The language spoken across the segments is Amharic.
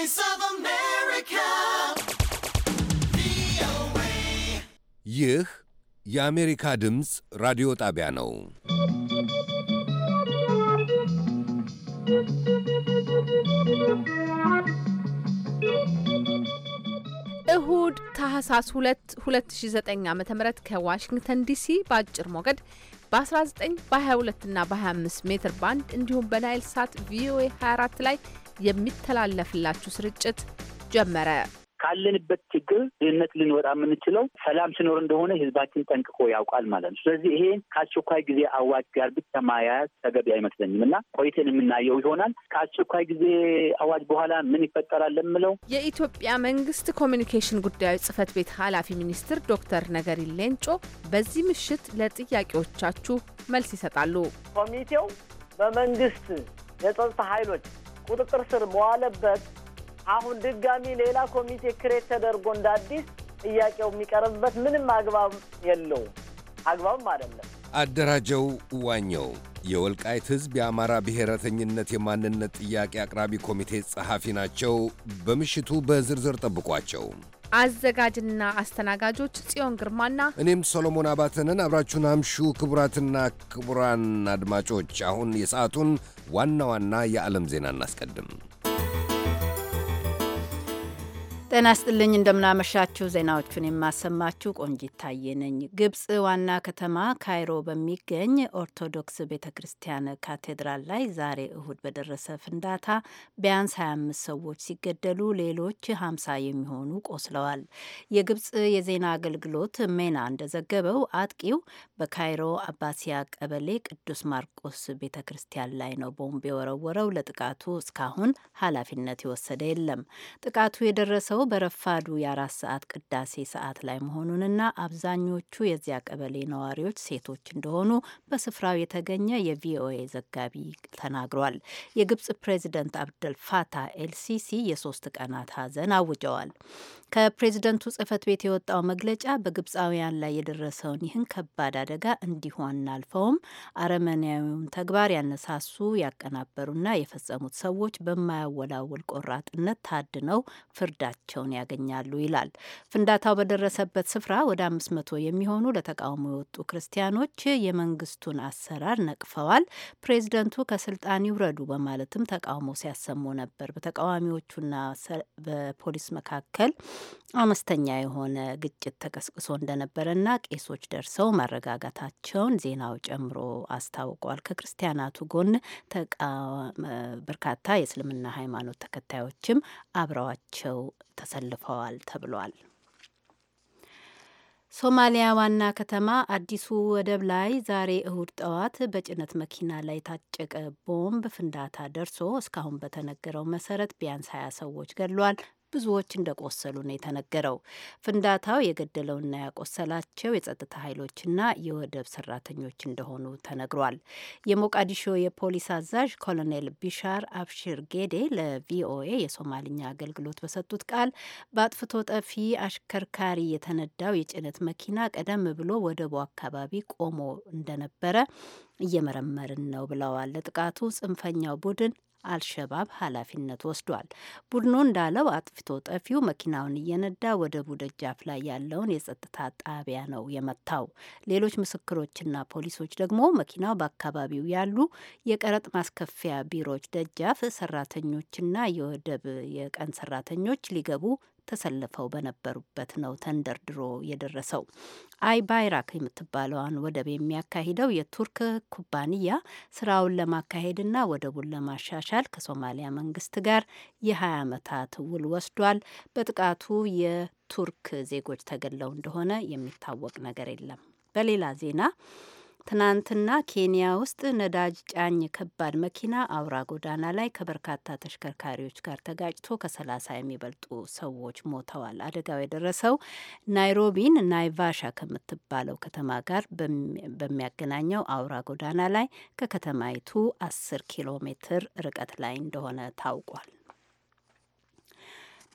Voice of America. ይህ የአሜሪካ ድምፅ ራዲዮ ጣቢያ ነው። እሁድ ታህሳስ 2 2009 ዓ ም ከዋሽንግተን ዲሲ በአጭር ሞገድ በ19 በ22 እና በ25 ሜትር ባንድ እንዲሁም በናይል ሳት ቪኦኤ 24 ላይ የሚተላለፍላችሁ ስርጭት ጀመረ። ካለንበት ችግር ድህነት ልንወጣ የምንችለው ሰላም ሲኖር እንደሆነ ህዝባችን ጠንቅቆ ያውቃል ማለት ነው። ስለዚህ ይሄ ከአስቸኳይ ጊዜ አዋጅ ጋር ብቻ ማያያዝ ተገቢ አይመስለኝም እና ቆይተን የምናየው ይሆናል። ከአስቸኳይ ጊዜ አዋጅ በኋላ ምን ይፈጠራል ለምለው የኢትዮጵያ መንግስት ኮሚኒኬሽን ጉዳዮች ጽህፈት ቤት ኃላፊ ሚኒስትር ዶክተር ነገሪ ሌንጮ በዚህ ምሽት ለጥያቄዎቻችሁ መልስ ይሰጣሉ። ኮሚቴው በመንግስት የጸጥታ ኃይሎች ቁጥጥር ስር መዋለበት። አሁን ድጋሚ ሌላ ኮሚቴ ክሬት ተደርጎ እንደ አዲስ ጥያቄው የሚቀርብበት ምንም አግባብ የለውም፣ አግባብም አይደለም። አደራጀው ዋኘው የወልቃይት ሕዝብ የአማራ ብሔረተኝነት የማንነት ጥያቄ አቅራቢ ኮሚቴ ጸሐፊ ናቸው። በምሽቱ በዝርዝር ጠብቋቸው። አዘጋጅና አስተናጋጆች ጽዮን ግርማና እኔም ሶሎሞን አባተንን አብራችሁን አምሹ። ክቡራትና ክቡራን አድማጮች አሁን የሰዓቱን ዋና ዋና የዓለም ዜና እናስቀድም። ጤና ስጥልኝ እንደምናመሻችሁ። ዜናዎቹን የማሰማችሁ ቆንጂት ታዬ ነኝ። ግብጽ ዋና ከተማ ካይሮ በሚገኝ ኦርቶዶክስ ቤተ ክርስቲያን ካቴድራል ላይ ዛሬ እሁድ በደረሰ ፍንዳታ ቢያንስ 25 ሰዎች ሲገደሉ ሌሎች 50 የሚሆኑ ቆስለዋል። የግብጽ የዜና አገልግሎት ሜና እንደዘገበው አጥቂው በካይሮ አባሲያ ቀበሌ ቅዱስ ማርቆስ ቤተ ክርስቲያን ላይ ነው ቦምብ የወረወረው። ለጥቃቱ እስካሁን ኃላፊነት የወሰደ የለም። ጥቃቱ የደረሰው የተከሰተው በረፋዱ የአራት ሰዓት ቅዳሴ ሰዓት ላይ መሆኑንና አብዛኞቹ የዚያ ቀበሌ ነዋሪዎች ሴቶች እንደሆኑ በስፍራው የተገኘ የቪኦኤ ዘጋቢ ተናግሯል። የግብጽ ፕሬዚደንት አብደል ፋታህ ኤልሲሲ የሶስት ቀናት ሀዘን አውጀዋል። ከፕሬዝደንቱ ጽህፈት ቤት የወጣው መግለጫ በግብፃውያን ላይ የደረሰውን ይህን ከባድ አደጋ እንዲሁ አናልፈውም፣ አረመኔያዊውን ተግባር ያነሳሱ ያቀናበሩና የፈጸሙት ሰዎች በማያወላውል ቆራጥነት ታድነው ፍርዳቸውን ያገኛሉ ይላል። ፍንዳታው በደረሰበት ስፍራ ወደ አምስት መቶ የሚሆኑ ለተቃውሞ የወጡ ክርስቲያኖች የመንግስቱን አሰራር ነቅፈዋል። ፕሬዝደንቱ ከስልጣን ይውረዱ በማለትም ተቃውሞ ሲያሰሙ ነበር። በተቃዋሚዎቹና በፖሊስ መካከል አነስተኛ የሆነ ግጭት ተቀስቅሶ እንደነበረና ቄሶች ደርሰው ማረጋጋታቸውን ዜናው ጨምሮ አስታውቋል። ከክርስቲያናቱ ጎን በርካታ የእስልምና ሃይማኖት ተከታዮችም አብረዋቸው ተሰልፈዋል ተብሏል። ሶማሊያ ዋና ከተማ አዲሱ ወደብ ላይ ዛሬ እሁድ ጠዋት በጭነት መኪና ላይ የታጨቀ ቦምብ ፍንዳታ ደርሶ እስካሁን በተነገረው መሰረት ቢያንስ ሀያ ሰዎች ገድሏል፣ ብዙዎች እንደቆሰሉ ነው የተነገረው። ፍንዳታው የገደለውና ያቆሰላቸው የጸጥታ ኃይሎችና የወደብ ሰራተኞች እንደሆኑ ተነግሯል። የሞቃዲሾ የፖሊስ አዛዥ ኮሎኔል ቢሻር አብሽር ጌዴ ለቪኦኤ የሶማልኛ አገልግሎት በሰጡት ቃል በአጥፍቶ ጠፊ አሽከርካሪ የተነዳው የጭነት መኪና ቀደም ብሎ ወደቡ አካባቢ ቆሞ እንደነበረ እየመረመርን ነው ብለዋል። ለጥቃቱ ጽንፈኛው ቡድን አልሸባብ ኃላፊነት ወስዷል። ቡድኑ እንዳለው አጥፍቶ ጠፊው መኪናውን እየነዳ ወደቡ ደጃፍ ላይ ያለውን የጸጥታ ጣቢያ ነው የመታው። ሌሎች ምስክሮችና ፖሊሶች ደግሞ መኪናው በአካባቢው ያሉ የቀረጥ ማስከፊያ ቢሮዎች ደጃፍ ሰራተኞችና የወደብ የቀን ሰራተኞች ሊገቡ ተሰልፈው በነበሩበት ነው ተንደርድሮ የደረሰው። አይ ባይራክ የምትባለዋን ወደብ የሚያካሂደው የቱርክ ኩባንያ ስራውን ለማካሄድና ወደቡን ለማሻሻል ከሶማሊያ መንግስት ጋር የ20 ዓመታት ውል ወስዷል። በጥቃቱ የቱርክ ዜጎች ተገለው እንደሆነ የሚታወቅ ነገር የለም። በሌላ ዜና ትናንትና ኬንያ ውስጥ ነዳጅ ጫኝ ከባድ መኪና አውራ ጎዳና ላይ ከበርካታ ተሽከርካሪዎች ጋር ተጋጭቶ ከሰላሳ የሚበልጡ ሰዎች ሞተዋል። አደጋው የደረሰው ናይሮቢን ናይቫሻ ከምትባለው ከተማ ጋር በሚያገናኘው አውራ ጎዳና ላይ ከከተማይቱ አስር ኪሎ ሜትር ርቀት ላይ እንደሆነ ታውቋል።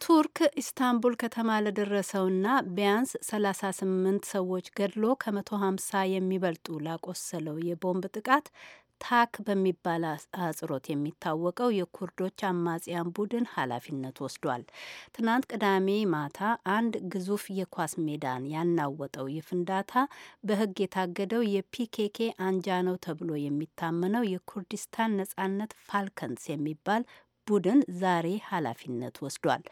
ቱርክ ኢስታንቡል ከተማ ለደረሰውና ቢያንስ 38 ሰዎች ገድሎ ከ150 የሚበልጡ ላቆሰለው የቦምብ ጥቃት ታክ በሚባል አጽሮት የሚታወቀው የኩርዶች አማጽያን ቡድን ኃላፊነት ወስዷል። ትናንት ቅዳሜ ማታ አንድ ግዙፍ የኳስ ሜዳን ያናወጠው የፍንዳታ በሕግ የታገደው የፒኬኬ አንጃ ነው ተብሎ የሚታመነው የኩርዲስታን ነጻነት ፋልከንስ የሚባል ቡድን ዛሬ ኃላፊነት ወስዷል።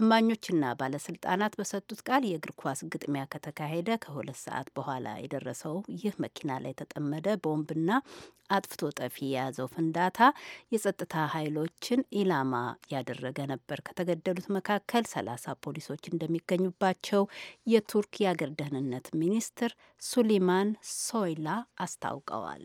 እማኞችና ባለስልጣናት በሰጡት ቃል የእግር ኳስ ግጥሚያ ከተካሄደ ከሁለት ሰዓት በኋላ የደረሰው ይህ መኪና ላይ የተጠመደ ቦምብና አጥፍቶ ጠፊ የያዘው ፍንዳታ የጸጥታ ኃይሎችን ኢላማ ያደረገ ነበር። ከተገደሉት መካከል ሰላሳ ፖሊሶች እንደሚገኙባቸው የቱርክ የአገር ደህንነት ሚኒስትር ሱሊማን ሶይላ አስታውቀዋል።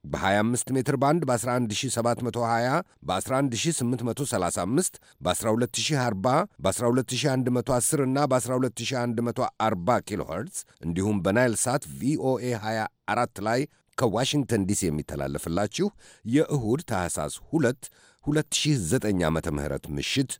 በ25 ሜትር ባንድ በ11720 በ11835 በ12040 በ12110 እና በ12140 ኪሎ ኸርትዝ እንዲሁም በናይል ሳት ቪኦኤ 24 ላይ ከዋሽንግተን ዲሲ የሚተላለፍላችሁ የእሁድ ታህሳስ 2 2009 ዓ ምሽት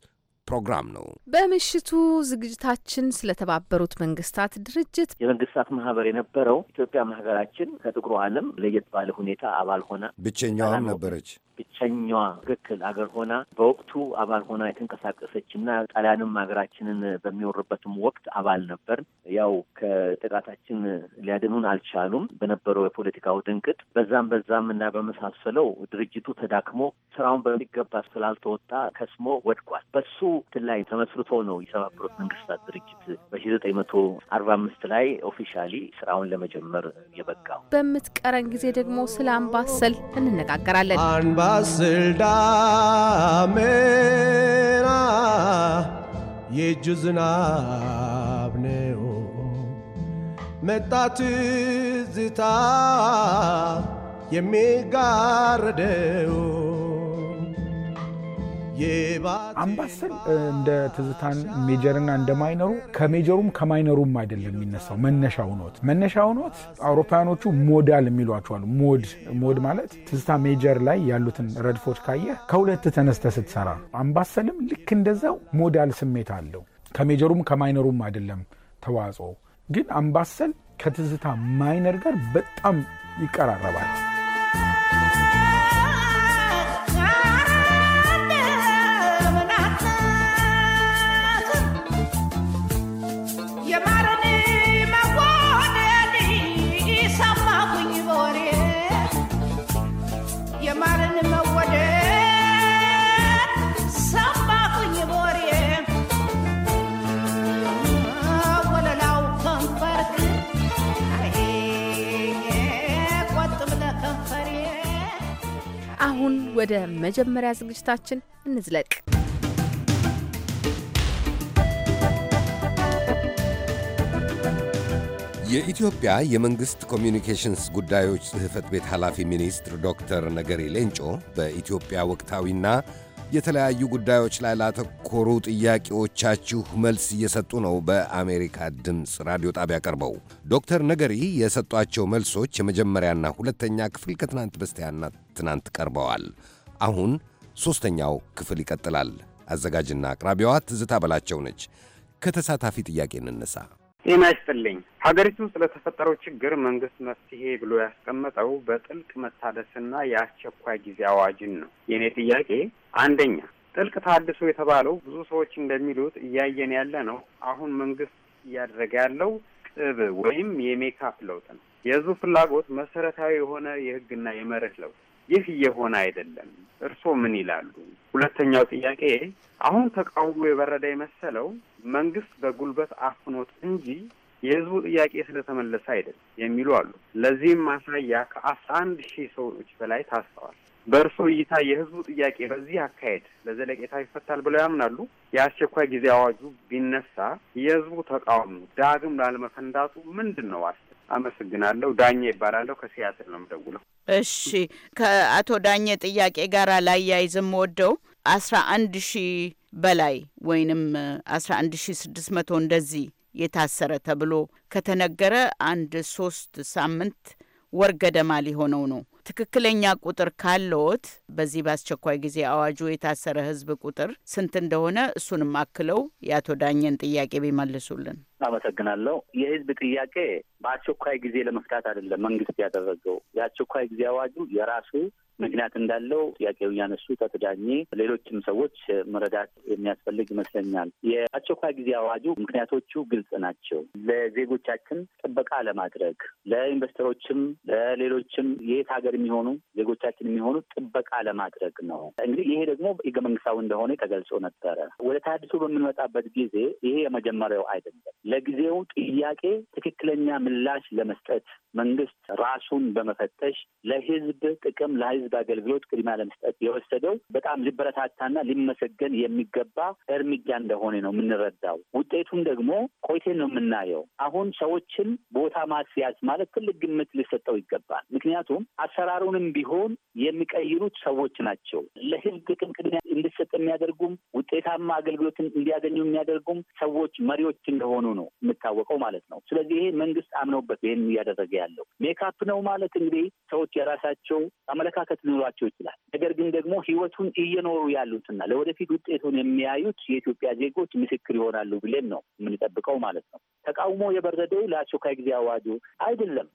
ፕሮግራም ነው። በምሽቱ ዝግጅታችን ስለተባበሩት መንግስታት ድርጅት የመንግስታት ማህበር የነበረው ኢትዮጵያ ሀገራችን ከጥቁሩ ዓለም ለየት ባለ ሁኔታ አባል ሆና ብቸኛዋም ነበረች። ብቸኛዋ ትክክል አገር ሆና በወቅቱ አባል ሆና የተንቀሳቀሰች እና ጣሊያንም ሀገራችንን በሚወርበትም ወቅት አባል ነበር። ያው ከጥቃታችን ሊያድኑን አልቻሉም በነበረው የፖለቲካው ድንቅጥ በዛም በዛም እና በመሳሰለው ድርጅቱ ተዳክሞ ስራውን በሚገባ ስላልተወጣ ከስሞ ወድቋል። በሱ እንትን ላይ ተመስርቶ ነው የተባበሩት መንግስታት ድርጅት በሺ ዘጠኝ መቶ አርባ አምስት ላይ ኦፊሻሊ ስራውን ለመጀመር የበቃው። በምትቀረን ጊዜ ደግሞ ስለ አምባሰል እንነጋገራለን። አንባስል ዳሜና የእጁ ዝናብ ነው መጣ ትዝታ የሚጋርደው አምባሰል እንደ ትዝታን ሜጀርና እንደ ማይነሩ ከሜጀሩም ከማይነሩም አይደለም የሚነሳው። መነሻ ሁኖት መነሻ ሁኖት አውሮፓውያኖቹ ሞዳል የሚሏቸዋሉ ሞድ ሞድ ማለት ትዝታ ሜጀር ላይ ያሉትን ረድፎች ካየ ከሁለት ተነስተ ስትሰራ፣ አምባሰልም ልክ እንደዛው ሞዳል ስሜት አለው። ከሜጀሩም ከማይነሩም አይደለም ተዋጽኦ። ግን አምባሰል ከትዝታ ማይነር ጋር በጣም ይቀራረባል። አሁን ወደ መጀመሪያ ዝግጅታችን እንዝለቅ። የኢትዮጵያ የመንግሥት ኮሚዩኒኬሽንስ ጉዳዮች ጽሕፈት ቤት ኃላፊ ሚኒስትር ዶክተር ነገሪ ሌንጮ በኢትዮጵያ ወቅታዊና የተለያዩ ጉዳዮች ላይ ላተኮሩ ጥያቄዎቻችሁ መልስ እየሰጡ ነው። በአሜሪካ ድምፅ ራዲዮ ጣቢያ ቀርበው ዶክተር ነገሪ የሰጧቸው መልሶች የመጀመሪያና ሁለተኛ ክፍል ከትናንት በስቲያና ትናንት ቀርበዋል። አሁን ሦስተኛው ክፍል ይቀጥላል። አዘጋጅና አቅራቢዋ ትዝታ በላቸው ነች። ከተሳታፊ ጥያቄ እንነሳ። ጤና ይስጥልኝ። ሀገሪቱ ለተፈጠረው ችግር መንግስት መፍትሄ ብሎ ያስቀመጠው በጥልቅ መታደስና የአስቸኳይ ጊዜ አዋጅን ነው። የእኔ ጥያቄ አንደኛ ጥልቅ ታድሶ የተባለው ብዙ ሰዎች እንደሚሉት እያየን ያለ ነው። አሁን መንግስት እያደረገ ያለው ቅብ ወይም የሜካፕ ለውጥ ነው። የህዝቡ ፍላጎት መሰረታዊ የሆነ የህግና የመርህ ለውጥ ይህ እየሆነ አይደለም። እርስዎ ምን ይላሉ? ሁለተኛው ጥያቄ አሁን ተቃውሞ የበረደ የመሰለው መንግስት በጉልበት አፍኖት እንጂ የህዝቡ ጥያቄ ስለተመለሰ አይደል የሚሉ አሉ። ለዚህም ማሳያ ከአስራ አንድ ሺህ ሰዎች በላይ ታስረዋል። በእርሶ እይታ የህዝቡ ጥያቄ በዚህ አካሄድ ለዘለቄታ ይፈታል ብለው ያምናሉ? የአስቸኳይ ጊዜ አዋጁ ቢነሳ የህዝቡ ተቃውሞ ዳግም ላለመፈንዳቱ ምንድን ነው? አስ አመሰግናለሁ። ዳኘ ይባላለሁ። ከሲያትል ነው የምደውለው። እሺ፣ ከአቶ ዳኘ ጥያቄ ጋር ላያይዝም ወደው አስራ አንድ ሺህ በላይ ወይንም 11600 እንደዚህ የታሰረ ተብሎ ከተነገረ አንድ ሶስት ሳምንት ወር ገደማ ሊሆነው ነው። ትክክለኛ ቁጥር ካለዎት በዚህ በአስቸኳይ ጊዜ አዋጁ የታሰረ ሕዝብ ቁጥር ስንት እንደሆነ እሱንም አክለው የአቶ ዳኘን ጥያቄ ቢመልሱልን። አመሰግናለሁ። የህዝብ ጥያቄ በአስቸኳይ ጊዜ ለመፍታት አይደለም መንግስት ያደረገው። የአስቸኳይ ጊዜ አዋጁ የራሱ ምክንያት እንዳለው ጥያቄው እያነሱ ተቀዳሚ ሌሎችም ሰዎች መረዳት የሚያስፈልግ ይመስለኛል። የአስቸኳይ ጊዜ አዋጁ ምክንያቶቹ ግልጽ ናቸው። ለዜጎቻችን ጥበቃ ለማድረግ ለኢንቨስተሮችም፣ ለሌሎችም የት ሀገር የሚሆኑ ዜጎቻችን የሚሆኑ ጥበቃ ለማድረግ ነው። እንግዲህ ይሄ ደግሞ ህገ መንግስታዊ እንደሆነ ተገልጾ ነበረ። ወደ ታድሶ በምንመጣበት ጊዜ ይሄ የመጀመሪያው አይደለም። ለጊዜው ጥያቄ ትክክለኛ ምላሽ ለመስጠት መንግስት ራሱን በመፈተሽ ለህዝብ ጥቅም ለህዝብ አገልግሎት ቅድሚያ ለመስጠት የወሰደው በጣም ሊበረታታና ሊመሰገን የሚገባ እርምጃ እንደሆነ ነው የምንረዳው። ውጤቱም ደግሞ ቆይቴን ነው የምናየው። አሁን ሰዎችን ቦታ ማስያዝ ማለት ትልቅ ግምት ሊሰጠው ይገባል። ምክንያቱም አሰራሩንም ቢሆን የሚቀይሩት ሰዎች ናቸው። ለህዝብ ጥቅም ቅድሚያ እንዲሰጥ የሚያደርጉም ውጤታማ አገልግሎትን እንዲያገኙ የሚያደርጉም ሰዎች መሪዎች እንደሆኑ ነው የምታወቀው ማለት ነው። ስለዚህ ይሄ መንግስት አምነውበት ይህን እያደረገ ያለው ሜካፕ ነው ማለት እንግዲህ ሰዎች የራሳቸው አመለካከት ሊኖራቸው ይችላል። ነገር ግን ደግሞ ህይወቱን እየኖሩ ያሉትና ለወደፊት ውጤቱን የሚያዩት የኢትዮጵያ ዜጎች ምስክር ይሆናሉ ብለን ነው የምንጠብቀው ማለት ነው። ተቃውሞ የበረደው ለአስቸኳይ ጊዜ አዋጁ አይደለም።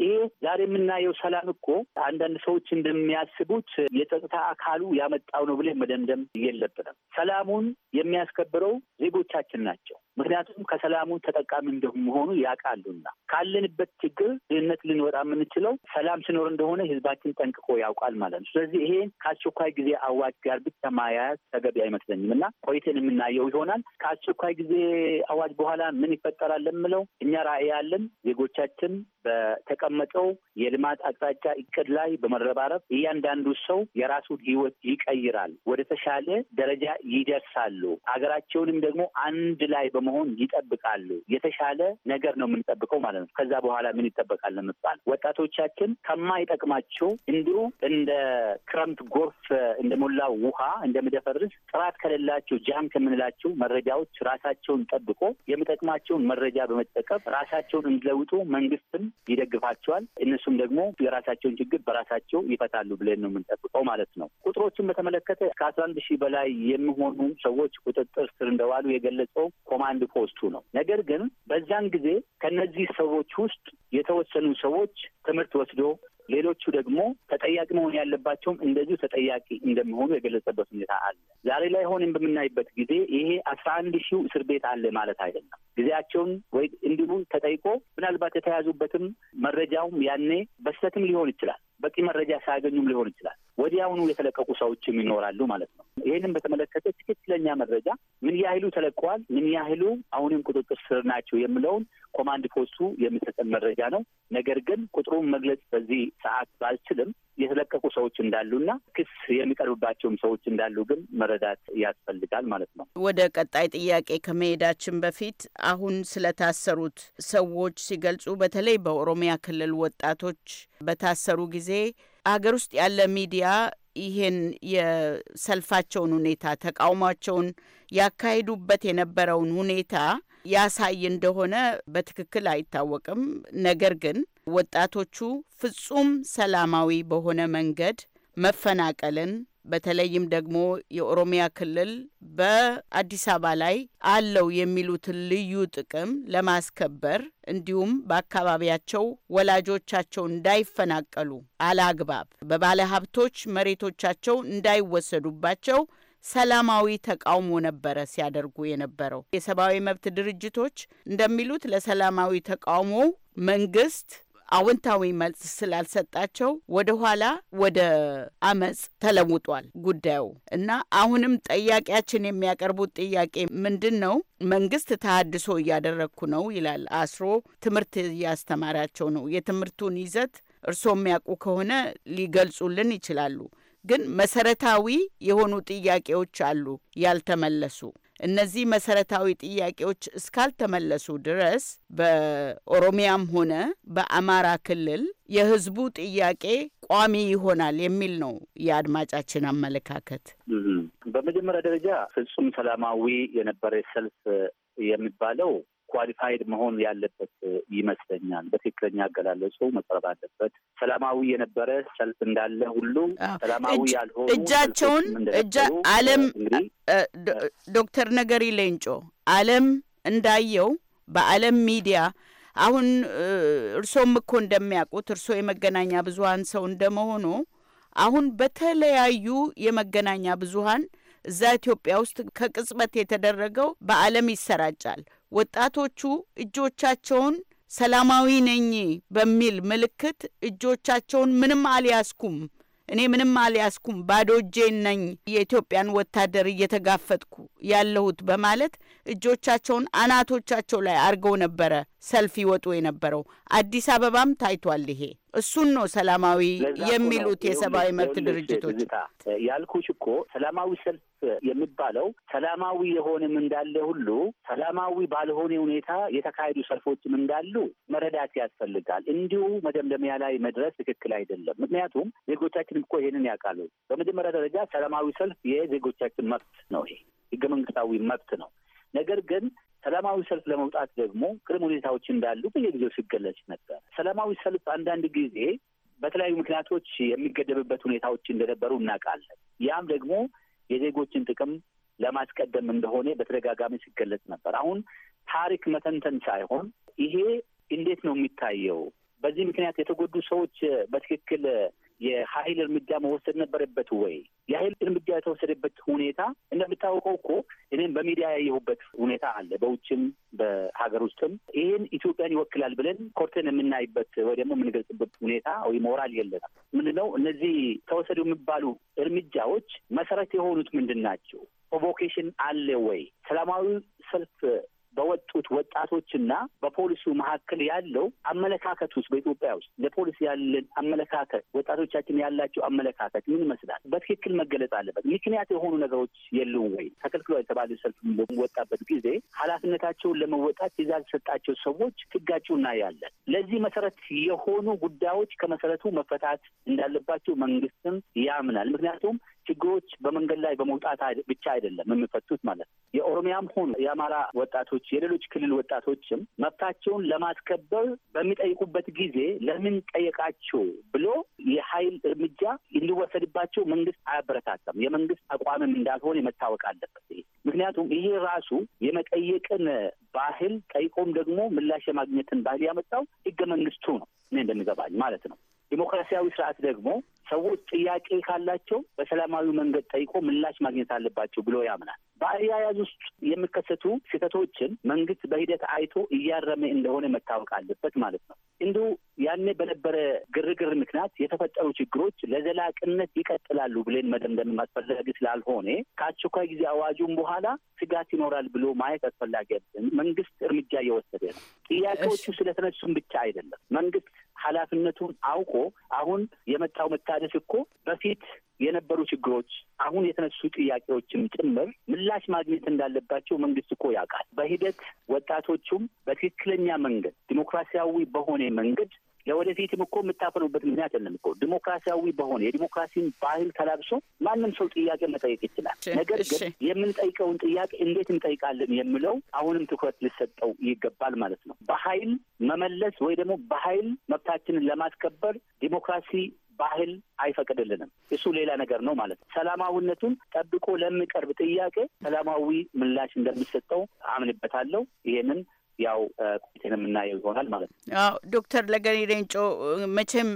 ይሄ ዛሬ የምናየው ሰላም እኮ አንዳንድ ሰዎች እንደሚያስቡት የጸጥታ አካሉ ያመጣው ነው ብለህ መደምደም የለብንም። ሰላሙን የሚያስከብረው ዜጎቻችን ናቸው። ምክንያቱም ከሰላሙ ተጠቃሚ እንደመሆኑ ያውቃሉና ካለንበት ችግር ድህነት ልንወጣ የምንችለው ሰላም ሲኖር እንደሆነ ህዝባችን ጠንቅቆ ያውቃል ማለት ነው። ስለዚህ ይሄ ከአስቸኳይ ጊዜ አዋጅ ጋር ብቻ ማያያዝ ተገቢ አይመስለኝም እና ቆይተን የምናየው ይሆናል። ከአስቸኳይ ጊዜ አዋጅ በኋላ ምን ይፈጠራል የምለው እኛ ራዕይ ዜጎቻችን በተ በተቀመጠው የልማት አቅጣጫ እቅድ ላይ በመረባረብ እያንዳንዱ ሰው የራሱን ህይወት ይቀይራል፣ ወደ ተሻለ ደረጃ ይደርሳሉ። ሀገራቸውንም ደግሞ አንድ ላይ በመሆን ይጠብቃሉ። የተሻለ ነገር ነው የምንጠብቀው ማለት ነው። ከዛ በኋላ ምን ይጠበቃል ለመባል ወጣቶቻችን ከማይጠቅማቸው እንዲሁ እንደ ክረምት ጎርፍ እንደሞላ ውሃ እንደምደፈርስ ጥራት ከሌላቸው ጃም ከምንላቸው መረጃዎች ራሳቸውን ጠብቆ የሚጠቅማቸውን መረጃ በመጠቀም ራሳቸውን እንዲለውጡ መንግስትም ይደግፋል ይጠብቃቸዋል። እነሱም ደግሞ የራሳቸውን ችግር በራሳቸው ይፈታሉ ብለን ነው የምንጠብቀው ማለት ነው። ቁጥሮችን በተመለከተ ከአስራ አንድ ሺህ በላይ የሚሆኑ ሰዎች ቁጥጥር ስር እንደዋሉ የገለጸው ኮማንድ ፖስቱ ነው። ነገር ግን በዛን ጊዜ ከነዚህ ሰዎች ውስጥ የተወሰኑ ሰዎች ትምህርት ወስዶ ሌሎቹ ደግሞ ተጠያቂ መሆን ያለባቸውም እንደዚሁ ተጠያቂ እንደሚሆኑ የገለጸበት ሁኔታ አለ። ዛሬ ላይ ሆነን በምናይበት ጊዜ ይሄ አስራ አንድ ሺው እስር ቤት አለ ማለት አይደለም። ጊዜያቸውን ወይ እንዲሁ ተጠይቆ ምናልባት የተያዙበትም መረጃውም ያኔ በስተትም ሊሆን ይችላል፣ በቂ መረጃ ሳያገኙም ሊሆን ይችላል። ወዲያውኑ የተለቀቁ ሰዎችም ይኖራሉ ማለት ነው። ይህንም በተመለከተ ትክክለኛ መረጃ ምን ያህሉ ተለቀዋል፣ ምን ያህሉ አሁንም ቁጥጥር ስር ናቸው የሚለውን ኮማንድ ፖስቱ የሚሰጠን መረጃ ነው። ነገር ግን ቁጥሩን መግለጽ በዚህ ሰዓት ባልችልም የተለቀቁ ሰዎች እንዳሉና ክስ የሚቀርብባቸውም ሰዎች እንዳሉ ግን መረዳት ያስፈልጋል ማለት ነው። ወደ ቀጣይ ጥያቄ ከመሄዳችን በፊት አሁን ስለታሰሩት ሰዎች ሲገልጹ በተለይ በኦሮሚያ ክልል ወጣቶች በታሰሩ ጊዜ አገር ውስጥ ያለ ሚዲያ ይሄን የሰልፋቸውን ሁኔታ ተቃውሟቸውን ያካሂዱበት የነበረውን ሁኔታ ያሳይ እንደሆነ በትክክል አይታወቅም። ነገር ግን ወጣቶቹ ፍጹም ሰላማዊ በሆነ መንገድ መፈናቀልን በተለይም ደግሞ የኦሮሚያ ክልል በአዲስ አበባ ላይ አለው የሚሉትን ልዩ ጥቅም ለማስከበር እንዲሁም በአካባቢያቸው ወላጆቻቸው እንዳይፈናቀሉ አላግባብ በባለ ሀብቶች መሬቶቻቸው እንዳይወሰዱባቸው ሰላማዊ ተቃውሞ ነበረ ሲያደርጉ የነበረው። የሰብአዊ መብት ድርጅቶች እንደሚሉት ለሰላማዊ ተቃውሞ መንግስት አዎንታዊ መልስ ስላልሰጣቸው ወደ ኋላ ወደ አመፅ ተለውጧል ጉዳዩ እና አሁንም ጠያቂያችን የሚያቀርቡት ጥያቄ ምንድን ነው? መንግስት ተሀድሶ እያደረግኩ ነው ይላል። አስሮ ትምህርት እያስተማራቸው ነው። የትምህርቱን ይዘት እርስዎ የሚያውቁ ከሆነ ሊገልጹልን ይችላሉ። ግን መሰረታዊ የሆኑ ጥያቄዎች አሉ ያልተመለሱ እነዚህ መሰረታዊ ጥያቄዎች እስካልተመለሱ ድረስ በኦሮሚያም ሆነ በአማራ ክልል የህዝቡ ጥያቄ ቋሚ ይሆናል የሚል ነው የአድማጫችን አመለካከት። በመጀመሪያ ደረጃ ፍጹም ሰላማዊ የነበረ ሰልፍ የሚባለው ኳሊፋይድ መሆን ያለበት ይመስለኛል። በትክክለኛ አገላለጹ መቅረብ አለበት። ሰላማዊ የነበረ ሰልፍ እንዳለ ሁሉ ሰላማዊ ያልሆኑ እጃቸውን አለም ዶክተር ነገሪ ሌንጮ አለም እንዳየው በአለም ሚዲያ አሁን እርሶም እኮ እንደሚያውቁት እርሶ የመገናኛ ብዙሀን ሰው እንደመሆኑ አሁን በተለያዩ የመገናኛ ብዙሀን እዛ ኢትዮጵያ ውስጥ ከቅጽበት የተደረገው በአለም ይሰራጫል። ወጣቶቹ እጆቻቸውን ሰላማዊ ነኝ በሚል ምልክት እጆቻቸውን ምንም አልያዝኩም፣ እኔ ምንም አልያዝኩም፣ ባዶ እጄን ነኝ የኢትዮጵያን ወታደር እየተጋፈጥኩ ያለሁት በማለት እጆቻቸውን አናቶቻቸው ላይ አድርገው ነበረ ሰልፍ ይወጡ የነበረው። አዲስ አበባም ታይቷል። ይሄ እሱን ነው ሰላማዊ የሚሉት የሰብአዊ መብት ድርጅቶች። ያልኩሽ እኮ ሰላማዊ ሰልፍ የሚባለው ሰላማዊ የሆነም እንዳለ ሁሉ ሰላማዊ ባልሆነ ሁኔታ የተካሄዱ ሰልፎችም እንዳሉ መረዳት ያስፈልጋል። እንዲሁ መደምደሚያ ላይ መድረስ ትክክል አይደለም። ምክንያቱም ዜጎቻችን እኮ ይሄንን ያውቃሉ። በመጀመሪያ ደረጃ ሰላማዊ ሰልፍ የዜጎቻችን መብት ነው። ይሄ ህገ መንግስታዊ መብት ነው። ነገር ግን ሰላማዊ ሰልፍ ለመውጣት ደግሞ ቅድም ሁኔታዎች እንዳሉ በየጊዜው ሲገለጽ ነበር። ሰላማዊ ሰልፍ አንዳንድ ጊዜ በተለያዩ ምክንያቶች የሚገደብበት ሁኔታዎች እንደነበሩ እናውቃለን። ያም ደግሞ የዜጎችን ጥቅም ለማስቀደም እንደሆነ በተደጋጋሚ ሲገለጽ ነበር። አሁን ታሪክ መተንተን ሳይሆን ይሄ እንዴት ነው የሚታየው፣ በዚህ ምክንያት የተጎዱ ሰዎች በትክክል የኃይል እርምጃ መወሰድ ነበረበት ወይ? የኃይል እርምጃ የተወሰደበት ሁኔታ እንደምታውቀው እኮ እኔም በሚዲያ ያየሁበት ሁኔታ አለ። በውጭም በሀገር ውስጥም ይህን ኢትዮጵያን ይወክላል ብለን ኮርተን የምናይበት ወይ ደግሞ የምንገልጽበት ሁኔታ ወይ ሞራል የለንም። ምንድነው እነዚህ ተወሰዱ የሚባሉ እርምጃዎች መሰረት የሆኑት ምንድን ናቸው? ፕሮቮኬሽን አለ ወይ? ሰላማዊ ሰልፍ በወጡት ወጣቶችና በፖሊሱ መካከል ያለው አመለካከት ውስጥ በኢትዮጵያ ውስጥ ለፖሊስ ያለን አመለካከት ወጣቶቻችን ያላቸው አመለካከት ምን ይመስላል? በትክክል መገለጽ አለበት። ምክንያት የሆኑ ነገሮች የሉም ወይ? ተከልክሎ የተባለ ሰልፍ በሚወጣበት ጊዜ ኃላፊነታቸውን ለመወጣት ትዕዛዝ የሰጣቸው ሰዎች ህጋቸው እናያለን። ለዚህ መሰረት የሆኑ ጉዳዮች ከመሰረቱ መፈታት እንዳለባቸው መንግስትም ያምናል። ምክንያቱም ችግሮች በመንገድ ላይ በመውጣት ብቻ አይደለም የሚፈቱት ማለት ነው። የኦሮሚያም ሆኑ የአማራ ወጣቶች ወጣቶች የሌሎች ክልል ወጣቶችም መብታቸውን ለማስከበር በሚጠይቁበት ጊዜ ለምን ጠየቃቸው ብሎ የኃይል እርምጃ እንዲወሰድባቸው መንግስት አያበረታታም። የመንግስት አቋምም እንዳልሆን መታወቅ አለበት። ምክንያቱም ይሄ ራሱ የመጠየቅን ባህል ጠይቆም ደግሞ ምላሽ የማግኘትን ባህል ያመጣው ህገ መንግስቱ ነው። እኔ እንደሚገባኝ ማለት ነው። ዲሞክራሲያዊ ስርዓት ደግሞ ሰዎች ጥያቄ ካላቸው በሰላማዊ መንገድ ጠይቆ ምላሽ ማግኘት አለባቸው ብሎ ያምናል። በአያያዝ ውስጥ የሚከሰቱ ስህተቶችን መንግስት በሂደት አይቶ እያረመ እንደሆነ መታወቅ አለበት ማለት ነው። እንዲሁ ያኔ በነበረ ግርግር ምክንያት የተፈጠሩ ችግሮች ለዘላቅነት ይቀጥላሉ ብለን መደምደም አስፈላጊ ስላልሆነ ከአስቸኳይ ጊዜ አዋጁም በኋላ ስጋት ይኖራል ብሎ ማየት አስፈላጊ መንግስት እርምጃ እየወሰደ ነው። ጥያቄዎቹ ስለተነሱም ብቻ አይደለም መንግስት ኃላፊነቱን አውቆ አሁን የመጣው መታደስ እኮ በፊት የነበሩ ችግሮች አሁን የተነሱ ጥያቄዎችም ጭምር ምላሽ ማግኘት እንዳለባቸው መንግስት እኮ ያውቃል። በሂደት ወጣቶቹም በትክክለኛ መንገድ ዲሞክራሲያዊ በሆነ መንገድ ለወደፊትም እኮ የምታፈኑበት ምክንያት የለም እኮ ዲሞክራሲያዊ በሆነ የዲሞክራሲን ባህል ተላብሶ ማንም ሰው ጥያቄ መጠየቅ ይችላል። ነገር ግን የምንጠይቀውን ጥያቄ እንዴት እንጠይቃለን የሚለው አሁንም ትኩረት ሊሰጠው ይገባል ማለት ነው። በኃይል መመለስ ወይ ደግሞ በኃይል መብታችንን ለማስከበር ዲሞክራሲ ባህል አይፈቅድልንም። እሱ ሌላ ነገር ነው ማለት ነው። ሰላማዊነቱን ጠብቆ ለሚቀርብ ጥያቄ ሰላማዊ ምላሽ እንደሚሰጠው አምንበታለሁ። ይሄንን ያው ቆይተን የምናየው ይሆናል ማለት ነው። ዶክተር ለገኔ ሬንጮ መቼም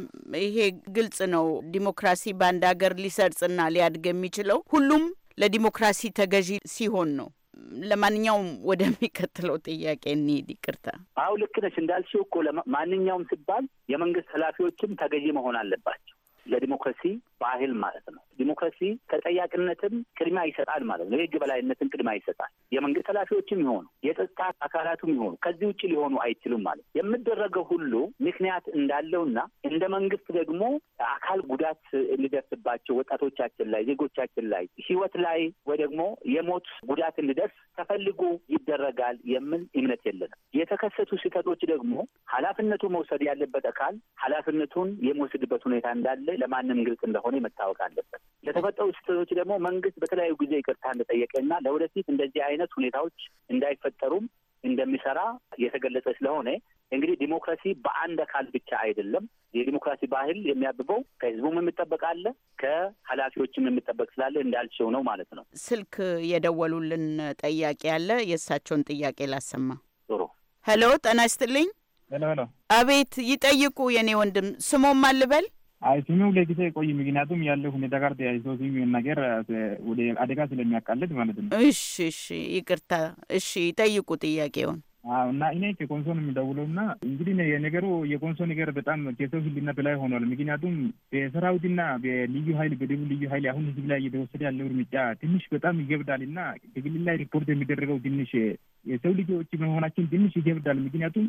ይሄ ግልጽ ነው። ዲሞክራሲ በአንድ ሀገር ሊሰርጽና ሊያድግ የሚችለው ሁሉም ለዲሞክራሲ ተገዢ ሲሆን ነው። ለማንኛውም ወደሚቀጥለው ጥያቄ እንሂድ። ይቅርታ። አዎ ልክ እንዳልሽው እኮ ማንኛውም ሲባል የመንግስት ኃላፊዎችም ተገዢ መሆን አለባቸው። ለዲሞክራሲ ባህል ማለት ነው። ዲሞክራሲ ተጠያቂነትም ቅድሚያ ይሰጣል ማለት ነው። የህግ በላይነትን ቅድሚያ ይሰጣል። የመንግስት ኃላፊዎችም ይሆኑ የጸጥታ አካላቱም ይሆኑ ከዚህ ውጭ ሊሆኑ አይችሉም ማለት የምደረገው ሁሉ ምክንያት እንዳለውና እንደ መንግስት ደግሞ አካል ጉዳት እንዲደርስባቸው ወጣቶቻችን ላይ ዜጎቻችን ላይ ህይወት ላይ ወይ ደግሞ የሞት ጉዳት እንዲደርስ ተፈልጎ ይደረጋል የሚል እምነት የለንም። የተከሰቱ ስህተቶች ደግሞ ኃላፊነቱ መውሰድ ያለበት አካል ኃላፊነቱን የመውሰድበት ሁኔታ እንዳለ ለማንም ግልጽ እንደሆነ መታወቅ አለበት። ለተፈጠሩ ስህተቶች ደግሞ መንግስት በተለያዩ ጊዜ ይቅርታ እንደጠየቀ ለወደፊት እንደዚህ አይነት ሁኔታዎች እንዳይፈጠሩም እንደሚሰራ የተገለጸ ስለሆነ እንግዲህ ዲሞክራሲ በአንድ አካል ብቻ አይደለም። የዲሞክራሲ ባህል የሚያብበው ከህዝቡም የሚጠበቅ አለ፣ ከኃላፊዎችም የሚጠበቅ ስላለ እንዳልችው ነው ማለት ነው። ስልክ የደወሉልን ጥያቄ አለ። የእሳቸውን ጥያቄ ላሰማ። ጥሩ። ሄሎ፣ ጤና ይስጥልኝ። አቤት፣ ይጠይቁ የኔ ወንድም። ስሞም አልበል አይ ስሚው ለጊዜ ቆይ፣ ምክንያቱም ያለው ሁኔታ ጋር ተያይዞ ስሚውን ነገር ወደ አደጋ ስለሚያቃልድ ማለት ነው። እሺ፣ እሺ፣ ይቅርታ። እሺ፣ ጠይቁ ጥያቄውን። አዎ እና እኔ ከኮንሶ ነው የሚደውለው። እና እንግዲህ የነገሩ የኮንሶ ነገር በጣም ከሰው ህሊና በላይ ሆኗል። ምክንያቱም በሰራዊትና በልዩ ኃይል በደቡብ ልዩ ኃይል አሁን ህዝብ ላይ እየተወሰደ ያለው እርምጃ ትንሽ በጣም ይገብዳል። እና ትግል ላይ ሪፖርት የሚደረገው ትንሽ የሰው ልጅ የውጭ በመሆናችን ትንሽ ይገብዳል። ምክንያቱም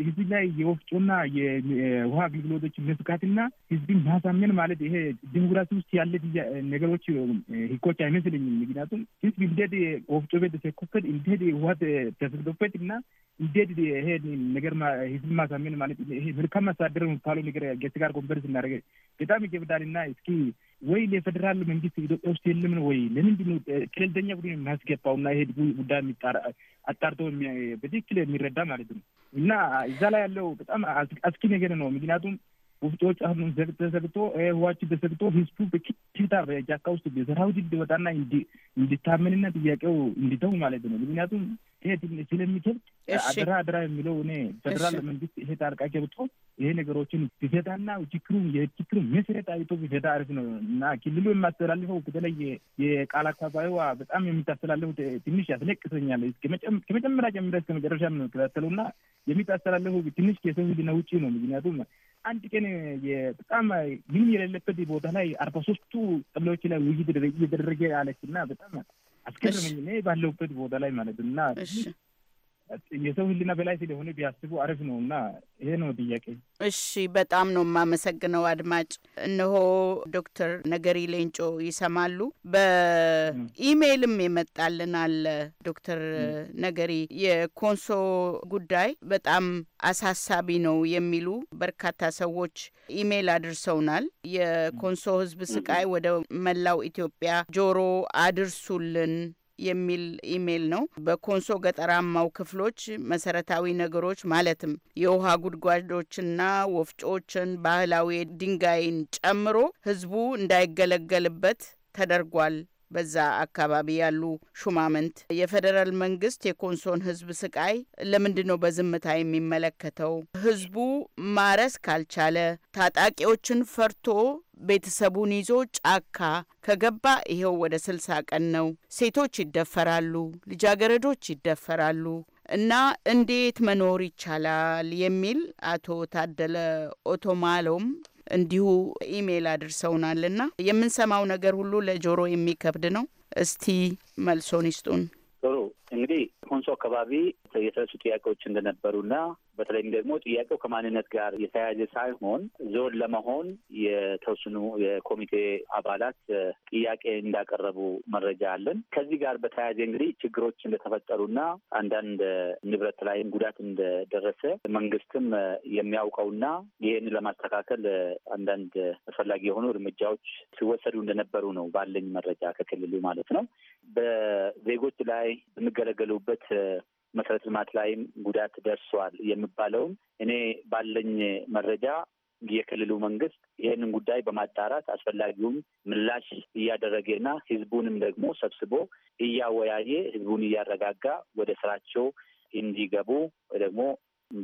ህዝብ ላይ የወፍጮና የውሃ አገልግሎቶች መስካትና ህዝብን ማሳመን ማለት ይሄ ዲሞክራሲ ውስጥ ያለ ነገሮች ህጎች አይመስለኝም። ምክንያቱም ህዝብ እንዴት ወፍጮ ቤት ተሰኮበት እንዴት ውሃ ተሰዶበት እና እንዴት ይሄ ነገር ህዝብ ማሳመን ማለት ይሄ መልካም አስተዳደር የሚባለው ነገር ገስ ጋር ኮንፈረንስ እናደርገ በጣም ይገብዳል እና እስኪ ወይ የፌዴራል መንግስት ኢትዮጵያ ውስጥ የለም ወይ? ለምንድን ነው ቡድን የሚያስገባው እና ይሄ ጉዳይ አጣርቶ በትክክል የሚረዳ ማለት ነው። እና እዛ ላይ ያለው በጣም አስኪ ነገር ነው። ምክንያቱም ወፍጮ ጫኑን ተሰርቶ ውሃችን ተሰርቶ ህዝቡ በክታ በጫካ ውስጥ በሰራዊት እንዲወጣና እንዲታመንና ጥያቄው እንዲተው ማለት ነው። ምክንያቱም ይሄ ስለሚከብድ አድራ አድራ የሚለው እኔ ፌደራል መንግስት ይሄ ጣልቃ ገብቶ ይሄ ነገሮችን ቢፈታና ችግሩን የችግሩ መሰረት አይቶ ቢፈታ አሪፍ ነው እና ክልሉ የማስተላልፈው በተለይ የቃል አካባቢዋ በጣም የምታስተላልፈው ትንሽ ያስለቅሰኛል። ከመጀመሪያ ጀምረ እስከ መጨረሻ ነው የምከታተለው እና የሚታስተላልፈው ትንሽ የሰው ልጅ ነው ውጪ ነው ምክንያቱም አንድ ቀን በጣም ምን የሌለበት ቦታ ላይ አርባ ሶስቱ ቀበሌዎች ላይ ውይይት እየተደረገ አለች እና በጣም አስገረመኝ። እኔ ባለሁበት ቦታ ላይ ማለት እና የሰው ሕሊና በላይ ስለሆነ ቢያስቡ አሪፍ ነው እና ይሄ ነው ጥያቄ። እሺ፣ በጣም ነው የማመሰግነው አድማጭ። እነሆ ዶክተር ነገሪ ሌንጮ ይሰማሉ። በኢሜይልም የመጣልን አለ። ዶክተር ነገሪ የኮንሶ ጉዳይ በጣም አሳሳቢ ነው የሚሉ በርካታ ሰዎች ኢሜይል አድርሰውናል። የኮንሶ ህዝብ ስቃይ ወደ መላው ኢትዮጵያ ጆሮ አድርሱልን የሚል ኢሜይል ነው። በኮንሶ ገጠራማው ክፍሎች መሰረታዊ ነገሮች ማለትም የውሃ ጉድጓዶችና ወፍጮዎችን ባህላዊ ድንጋይን ጨምሮ ህዝቡ እንዳይገለገልበት ተደርጓል በዛ አካባቢ ያሉ ሹማምንት የፌዴራል መንግስት የኮንሶን ህዝብ ስቃይ ለምንድን ነው በዝምታ የሚመለከተው? ህዝቡ ማረስ ካልቻለ ታጣቂዎችን ፈርቶ ቤተሰቡን ይዞ ጫካ ከገባ ይኸው ወደ ስልሳ ቀን ነው። ሴቶች ይደፈራሉ፣ ልጃገረዶች ይደፈራሉ። እና እንዴት መኖር ይቻላል የሚል አቶ ታደለ ኦቶማሎም እንዲሁ ኢሜይል አድርሰውናልና የምንሰማው ነገር ሁሉ ለጆሮ የሚከብድ ነው። እስቲ መልሶን ይስጡን። ጥሩ እንግዲህ ኮንሶ አካባቢ የተነሱ ጥያቄዎች እንደነበሩና በተለይም ደግሞ ጥያቄው ከማንነት ጋር የተያያዘ ሳይሆን ዞን ለመሆን የተወሰኑ የኮሚቴ አባላት ጥያቄ እንዳቀረቡ መረጃ አለን። ከዚህ ጋር በተያያዘ እንግዲህ ችግሮች እንደተፈጠሩና አንዳንድ ንብረት ላይም ጉዳት እንደደረሰ መንግስትም የሚያውቀውና ይህን ለማስተካከል አንዳንድ አስፈላጊ የሆኑ እርምጃዎች ሲወሰዱ እንደነበሩ ነው ባለኝ መረጃ ከክልሉ ማለት ነው በዜጎች ላይ የሚገለገሉበት መሰረተ ልማት ላይም ጉዳት ደርሷል የሚባለውን እኔ ባለኝ መረጃ የክልሉ መንግስት ይህንን ጉዳይ በማጣራት አስፈላጊውን ምላሽ እያደረገና ህዝቡንም ደግሞ ሰብስቦ እያወያየ ህዝቡን እያረጋጋ ወደ ስራቸው እንዲገቡ ደግሞ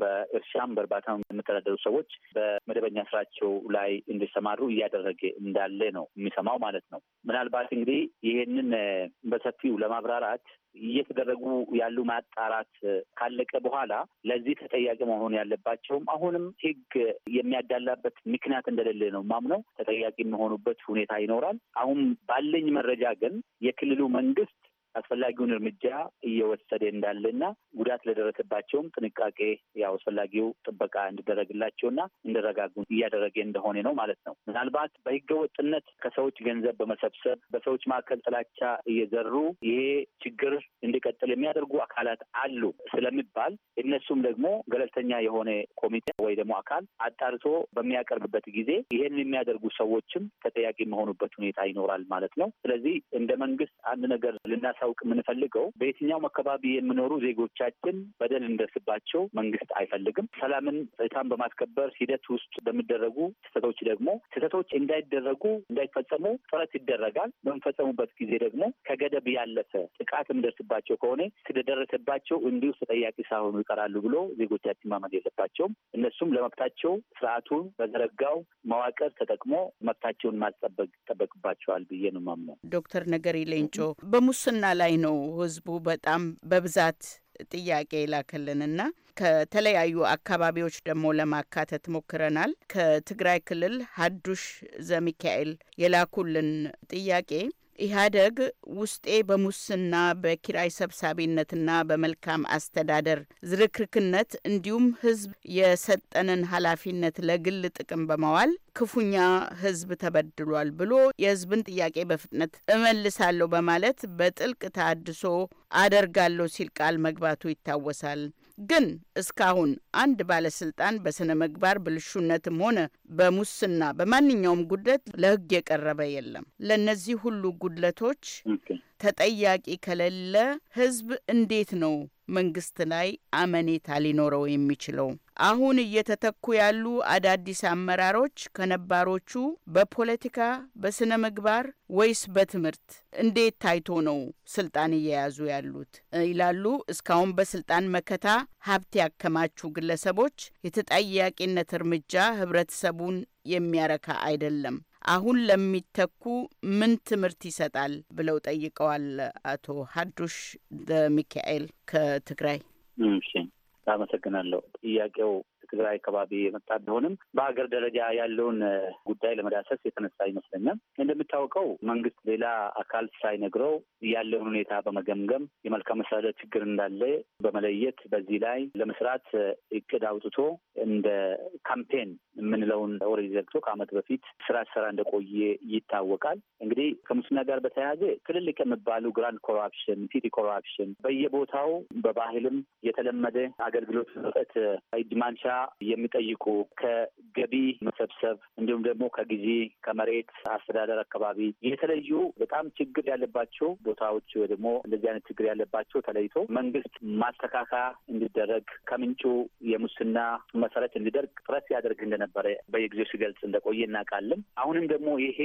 በእርሻም በእርባታ የሚተዳደሩ ሰዎች በመደበኛ ስራቸው ላይ እንዲሰማሩ እያደረገ እንዳለ ነው የሚሰማው ማለት ነው። ምናልባት እንግዲህ ይህንን በሰፊው ለማብራራት እየተደረጉ ያሉ ማጣራት ካለቀ በኋላ ለዚህ ተጠያቂ መሆን ያለባቸውም አሁንም ሕግ የሚያዳላበት ምክንያት እንደሌለ ነው ማምነው ተጠያቂ የሚሆኑበት ሁኔታ ይኖራል። አሁን ባለኝ መረጃ ግን የክልሉ መንግስት አስፈላጊውን እርምጃ እየወሰደ እንዳለና ጉዳት ለደረሰባቸውም ጥንቃቄ ያው አስፈላጊው ጥበቃ እንዲደረግላቸውና እንዲረጋጉ እያደረገ እንደሆነ ነው ማለት ነው። ምናልባት በህገወጥነት ከሰዎች ገንዘብ በመሰብሰብ በሰዎች መካከል ጥላቻ እየዘሩ ይሄ ችግር እንዲቀጥል የሚያደርጉ አካላት አሉ ስለሚባል እነሱም ደግሞ ገለልተኛ የሆነ ኮሚቴ ወይ ደግሞ አካል አጣርቶ በሚያቀርብበት ጊዜ ይሄን የሚያደርጉ ሰዎችም ተጠያቂ መሆኑበት ሁኔታ ይኖራል ማለት ነው። ስለዚህ እንደ መንግስት አንድ ነገር ልናሳ ልናሳውቅ የምንፈልገው በየትኛውም አካባቢ የሚኖሩ ዜጎቻችን በደል እንደርስባቸው መንግስት አይፈልግም። ሰላምን ጸጥታን በማስከበር ሂደት ውስጥ በሚደረጉ ስህተቶች ደግሞ ስህተቶች እንዳይደረጉ እንዳይፈጸሙ ጥረት ይደረጋል። በሚፈጸሙበት ጊዜ ደግሞ ከገደብ ያለፈ ጥቃት የምደርስባቸው ከሆነ ስለደረሰባቸው እንዲሁ ተጠያቂ ሳይሆኑ ይቀራሉ ብሎ ዜጎቻችን ማመን የለባቸውም። እነሱም ለመብታቸው ስርዓቱን በዘረጋው መዋቅር ተጠቅሞ መብታቸውን ማስጠበቅ ይጠበቅባቸዋል ብዬ ነው ማምነው። ዶክተር ነገሪ ሌንጮ በሙስና ላይ ነው ህዝቡ በጣም በብዛት ጥያቄ ይላክልንና ከተለያዩ አካባቢዎች ደግሞ ለማካተት ሞክረናል። ከትግራይ ክልል ሀዱሽ ዘሚካኤል የላኩልን ጥያቄ ኢህአደግ ውስጤ በሙስና በኪራይ ሰብሳቢነትና በመልካም አስተዳደር ዝርክርክነት እንዲሁም ህዝብ የሰጠንን ኃላፊነት ለግል ጥቅም በማዋል ክፉኛ ህዝብ ተበድሏል ብሎ የህዝብን ጥያቄ በፍጥነት እመልሳለሁ በማለት በጥልቅ ተሃድሶ አደርጋለሁ ሲል ቃል መግባቱ ይታወሳል። ግን እስካሁን አንድ ባለስልጣን በሥነ ምግባር ብልሹነትም ሆነ በሙስና በማንኛውም ጉድለት ለሕግ የቀረበ የለም። ለእነዚህ ሁሉ ጉድለቶች ተጠያቂ ከሌለ ህዝብ እንዴት ነው መንግስት ላይ አመኔታ ሊኖረው የሚችለው? አሁን እየተተኩ ያሉ አዳዲስ አመራሮች ከነባሮቹ በፖለቲካ በስነ ምግባር ወይስ በትምህርት እንዴት ታይቶ ነው ስልጣን እየያዙ ያሉት? ይላሉ እስካሁን በስልጣን መከታ ሀብት ያከማቹ ግለሰቦች የተጠያቂነት እርምጃ ህብረተሰቡን የሚያረካ አይደለም። አሁን ለሚተኩ ምን ትምህርት ይሰጣል ብለው ጠይቀዋል። አቶ ሀዱሽ ሚካኤል ከትግራይ። እሺ፣ አመሰግናለሁ። ጥያቄው ትግራይ አካባቢ የመጣ ቢሆንም በሀገር ደረጃ ያለውን ጉዳይ ለመዳሰስ የተነሳ ይመስለኛል። እንደምታውቀው መንግስት ሌላ አካል ሳይነግረው ያለውን ሁኔታ በመገምገም የመልካም መስተዳደር ችግር እንዳለ በመለየት በዚህ ላይ ለመስራት እቅድ አውጥቶ እንደ ካምፔን የምንለውን ኦልሬዲ ዘግቶ ከአመት በፊት ስራ ስራ እንደቆየ ይታወቃል። እንግዲህ ከሙስና ጋር በተያያዘ ትልልቅ የሚባሉ ግራንድ ኮራፕሽን፣ ሲቲ ኮራፕሽን በየቦታው በባህልም የተለመደ አገልግሎት መስጠት ዲማንሻ የሚጠይቁ ከገቢ መሰብሰብ እንዲሁም ደግሞ ከጊዜ ከመሬት አስተዳደር አካባቢ የተለዩ በጣም ችግር ያለባቸው ቦታዎች ወይ ደግሞ እንደዚህ አይነት ችግር ያለባቸው ተለይቶ መንግስት ማስተካከያ እንዲደረግ ከምንጩ የሙስና መሰረት እንዲደርግ ጥረት ሲያደርግ እንደነበረ በየጊዜው ሲገልጽ እንደቆየ እናውቃለን። አሁንም ደግሞ ይሄ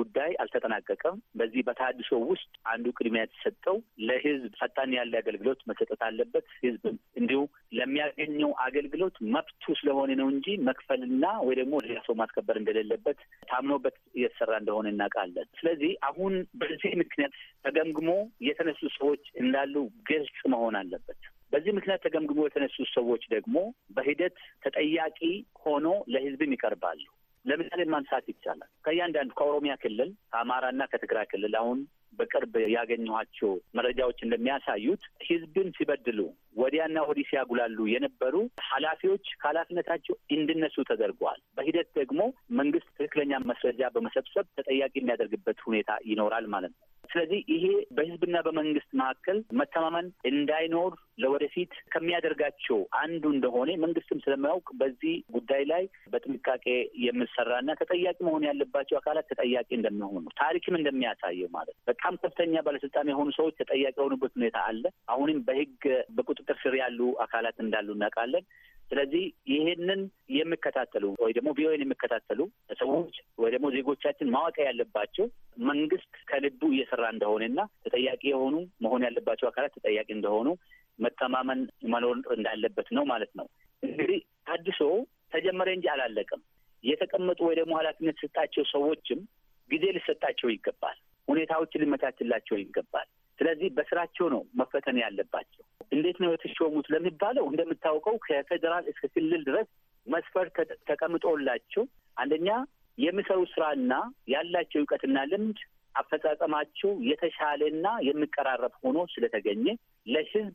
ጉዳይ አልተጠናቀቀም። በዚህ በተሃድሶ ውስጥ አንዱ ቅድሚያ የተሰጠው ለህዝብ ፈጣን ያለ አገልግሎት መሰጠት አለበት። ህዝብ እንዲሁ ለሚያገኘው አገልግሎት መብት መብቱ ስለሆነ ነው እንጂ መክፈልና ወይ ደግሞ ሌላ ሰው ማስከበር እንደሌለበት ታምኖበት እየተሰራ እንደሆነ እናውቃለን። ስለዚህ አሁን በዚህ ምክንያት ተገምግሞ የተነሱ ሰዎች እንዳሉ ግልጽ መሆን አለበት። በዚህ ምክንያት ተገምግሞ የተነሱ ሰዎች ደግሞ በሂደት ተጠያቂ ሆኖ ለህዝብም ይቀርባሉ። ለምሳሌ ማንሳት ይቻላል። ከእያንዳንዱ ከኦሮሚያ ክልል ከአማራና ከትግራይ ክልል አሁን በቅርብ ያገኘኋቸው መረጃዎች እንደሚያሳዩት ህዝብን ሲበድሉ ወዲያና ወዲህ ሲያጉላሉ የነበሩ ኃላፊዎች ከኃላፊነታቸው እንዲነሱ ተደርገዋል። በሂደት ደግሞ መንግስት ትክክለኛ ማስረጃ በመሰብሰብ ተጠያቂ የሚያደርግበት ሁኔታ ይኖራል ማለት ነው። ስለዚህ ይሄ በህዝብና በመንግስት መካከል መተማመን እንዳይኖር ለወደፊት ከሚያደርጋቸው አንዱ እንደሆነ መንግስትም ስለማያውቅ በዚህ ጉዳይ ላይ በጥንቃቄ የምሰራና ተጠያቂ መሆን ያለባቸው አካላት ተጠያቂ እንደሚሆኑ ታሪክም እንደሚያሳየው ማለት በጣም ከፍተኛ ባለስልጣን የሆኑ ሰዎች ተጠያቂ የሆኑበት ሁኔታ አለ። አሁንም በህግ በቁጥጥር ስር ያሉ አካላት እንዳሉ እናውቃለን። ስለዚህ ይህንን የሚከታተሉ ወይ ደግሞ ቪኦኤን የሚከታተሉ ሰዎች ወይ ደግሞ ዜጎቻችን ማወቅ ያለባቸው መንግስት ከልቡ እየሰራ እንደሆነና ተጠያቂ የሆኑ መሆን ያለባቸው አካላት ተጠያቂ እንደሆኑ መተማመን መኖር እንዳለበት ነው ማለት ነው። እንግዲህ ታድሶ ተጀመረ እንጂ አላለቀም። የተቀመጡ ወይ ደግሞ ኃላፊነት ሰጣቸው ሰዎችም ጊዜ ልሰጣቸው ይገባል። ሁኔታዎች ሊመቻችላቸው ይገባል። ስለዚህ በስራቸው ነው መፈተን ያለባቸው። እንዴት ነው የተሾሙት ለሚባለው እንደምታውቀው ከፌዴራል እስከ ክልል ድረስ መስፈር ተቀምጦላቸው አንደኛ የሚሰሩ ስራና ያላቸው እውቀትና ልምድ አፈጻጸማቸው የተሻለና የሚቀራረብ ሆኖ ስለተገኘ ለህዝብ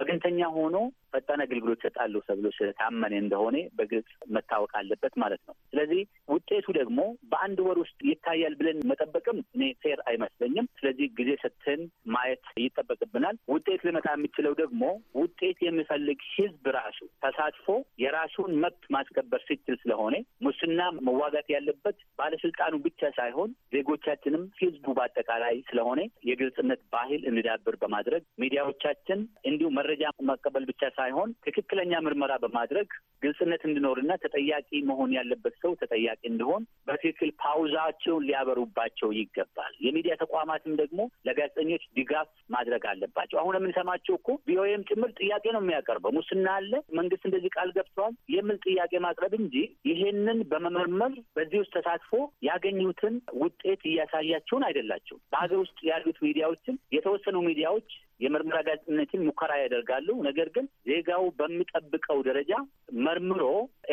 ወገንተኛ ሆኖ ፈጣን አገልግሎት ሰጣለሁ ተብሎ ስለታመነ እንደሆነ በግልጽ መታወቅ አለበት ማለት ነው። ስለዚህ ውጤቱ ደግሞ በአንድ ወር ውስጥ ይታያል ብለን መጠበቅም እኔ ፌር አይመስለኝም። ስለዚህ ጊዜ ሰጥተን ማየት ይጠበቅብናል። ውጤት ሊመጣ የሚችለው ደግሞ ውጤት የሚፈልግ ህዝብ ራሱ ተሳትፎ የራሱን መብት ማስከበር ሲችል ስለሆነ ሙስና መዋጋት ያለበት ባለስልጣኑ ብቻ ሳይሆን ዜጎቻችንም ህዝቡ በአጠቃላይ ስለሆነ የግልጽነት ባህል እንዲዳብር በማድረግ ሚዲያዎቻችን እንዲሁ መረጃ መቀበል ብቻ ሳይሆን ትክክለኛ ምርመራ በማድረግ ግልጽነት እንዲኖርና ተጠያቂ መሆን ያለበት ሰው ተጠያቂ እንዲሆን በትክክል ፓውዛቸውን ሊያበሩባቸው ይገባል። የሚዲያ ተቋማትም ደግሞ ለጋዜጠኞች ድጋፍ ማድረግ አለባቸው። አሁን የምንሰማቸው እኮ ቪኦኤም ጭምር ጥያቄ ነው የሚያቀርበው። ሙስና አለ፣ መንግስት እንደዚህ ቃል ገብተዋል የሚል ጥያቄ ማቅረብ እንጂ ይሄንን በመመርመር በዚህ ውስጥ ተሳትፎ ያገኙትን ውጤት እያሳያቸውን አይደላቸውም። በሀገር ውስጥ ያሉት ሚዲያዎችም የተወሰኑ ሚዲያዎች የምርመራ ጋዜጠኝነትን ሙከራ ያደርጋሉ። ነገር ግን ዜጋው በሚጠብቀው ደረጃ መርምሮ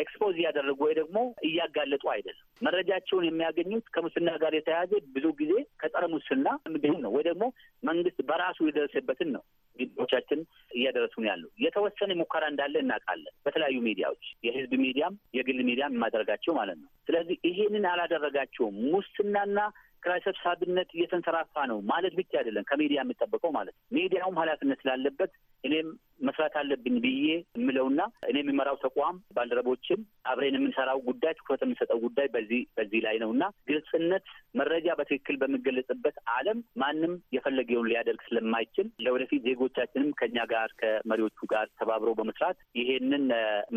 ኤክስፖዝ እያደረጉ ወይ ደግሞ እያጋለጡ አይደለም። መረጃቸውን የሚያገኙት ከሙስና ጋር የተያያዘ ብዙ ጊዜ ከጸረ ሙስና ምግብ ነው ወይ ደግሞ መንግስት በራሱ የደረሰበትን ነው ግቦቻችን እያደረሱን ያሉ የተወሰነ ሙከራ እንዳለ እናውቃለን። በተለያዩ ሚዲያዎች የህዝብ ሚዲያም የግል ሚዲያም የማደረጋቸው ማለት ነው። ስለዚህ ይሄንን አላደረጋቸውም ሙስናና ኪራይ ሰብሳቢነት እየተንሰራፋ ነው ማለት ብቻ አይደለም ከሚዲያ የሚጠበቀው ማለት ነው። ሚዲያውም ኃላፊነት ስላለበት እኔም መስራት አለብኝ ብዬ የምለውና እኔ የሚመራው ተቋም ባልደረቦችም አብሬን የምንሰራው ጉዳይ ትኩረት የምንሰጠው ጉዳይ በዚህ በዚህ ላይ ነው እና ግልጽነት፣ መረጃ በትክክል በሚገለጽበት ዓለም ማንም የፈለገውን ሊያደርግ ስለማይችል ለወደፊት ዜጎቻችንም ከኛ ጋር ከመሪዎቹ ጋር ተባብረው በመስራት ይሄንን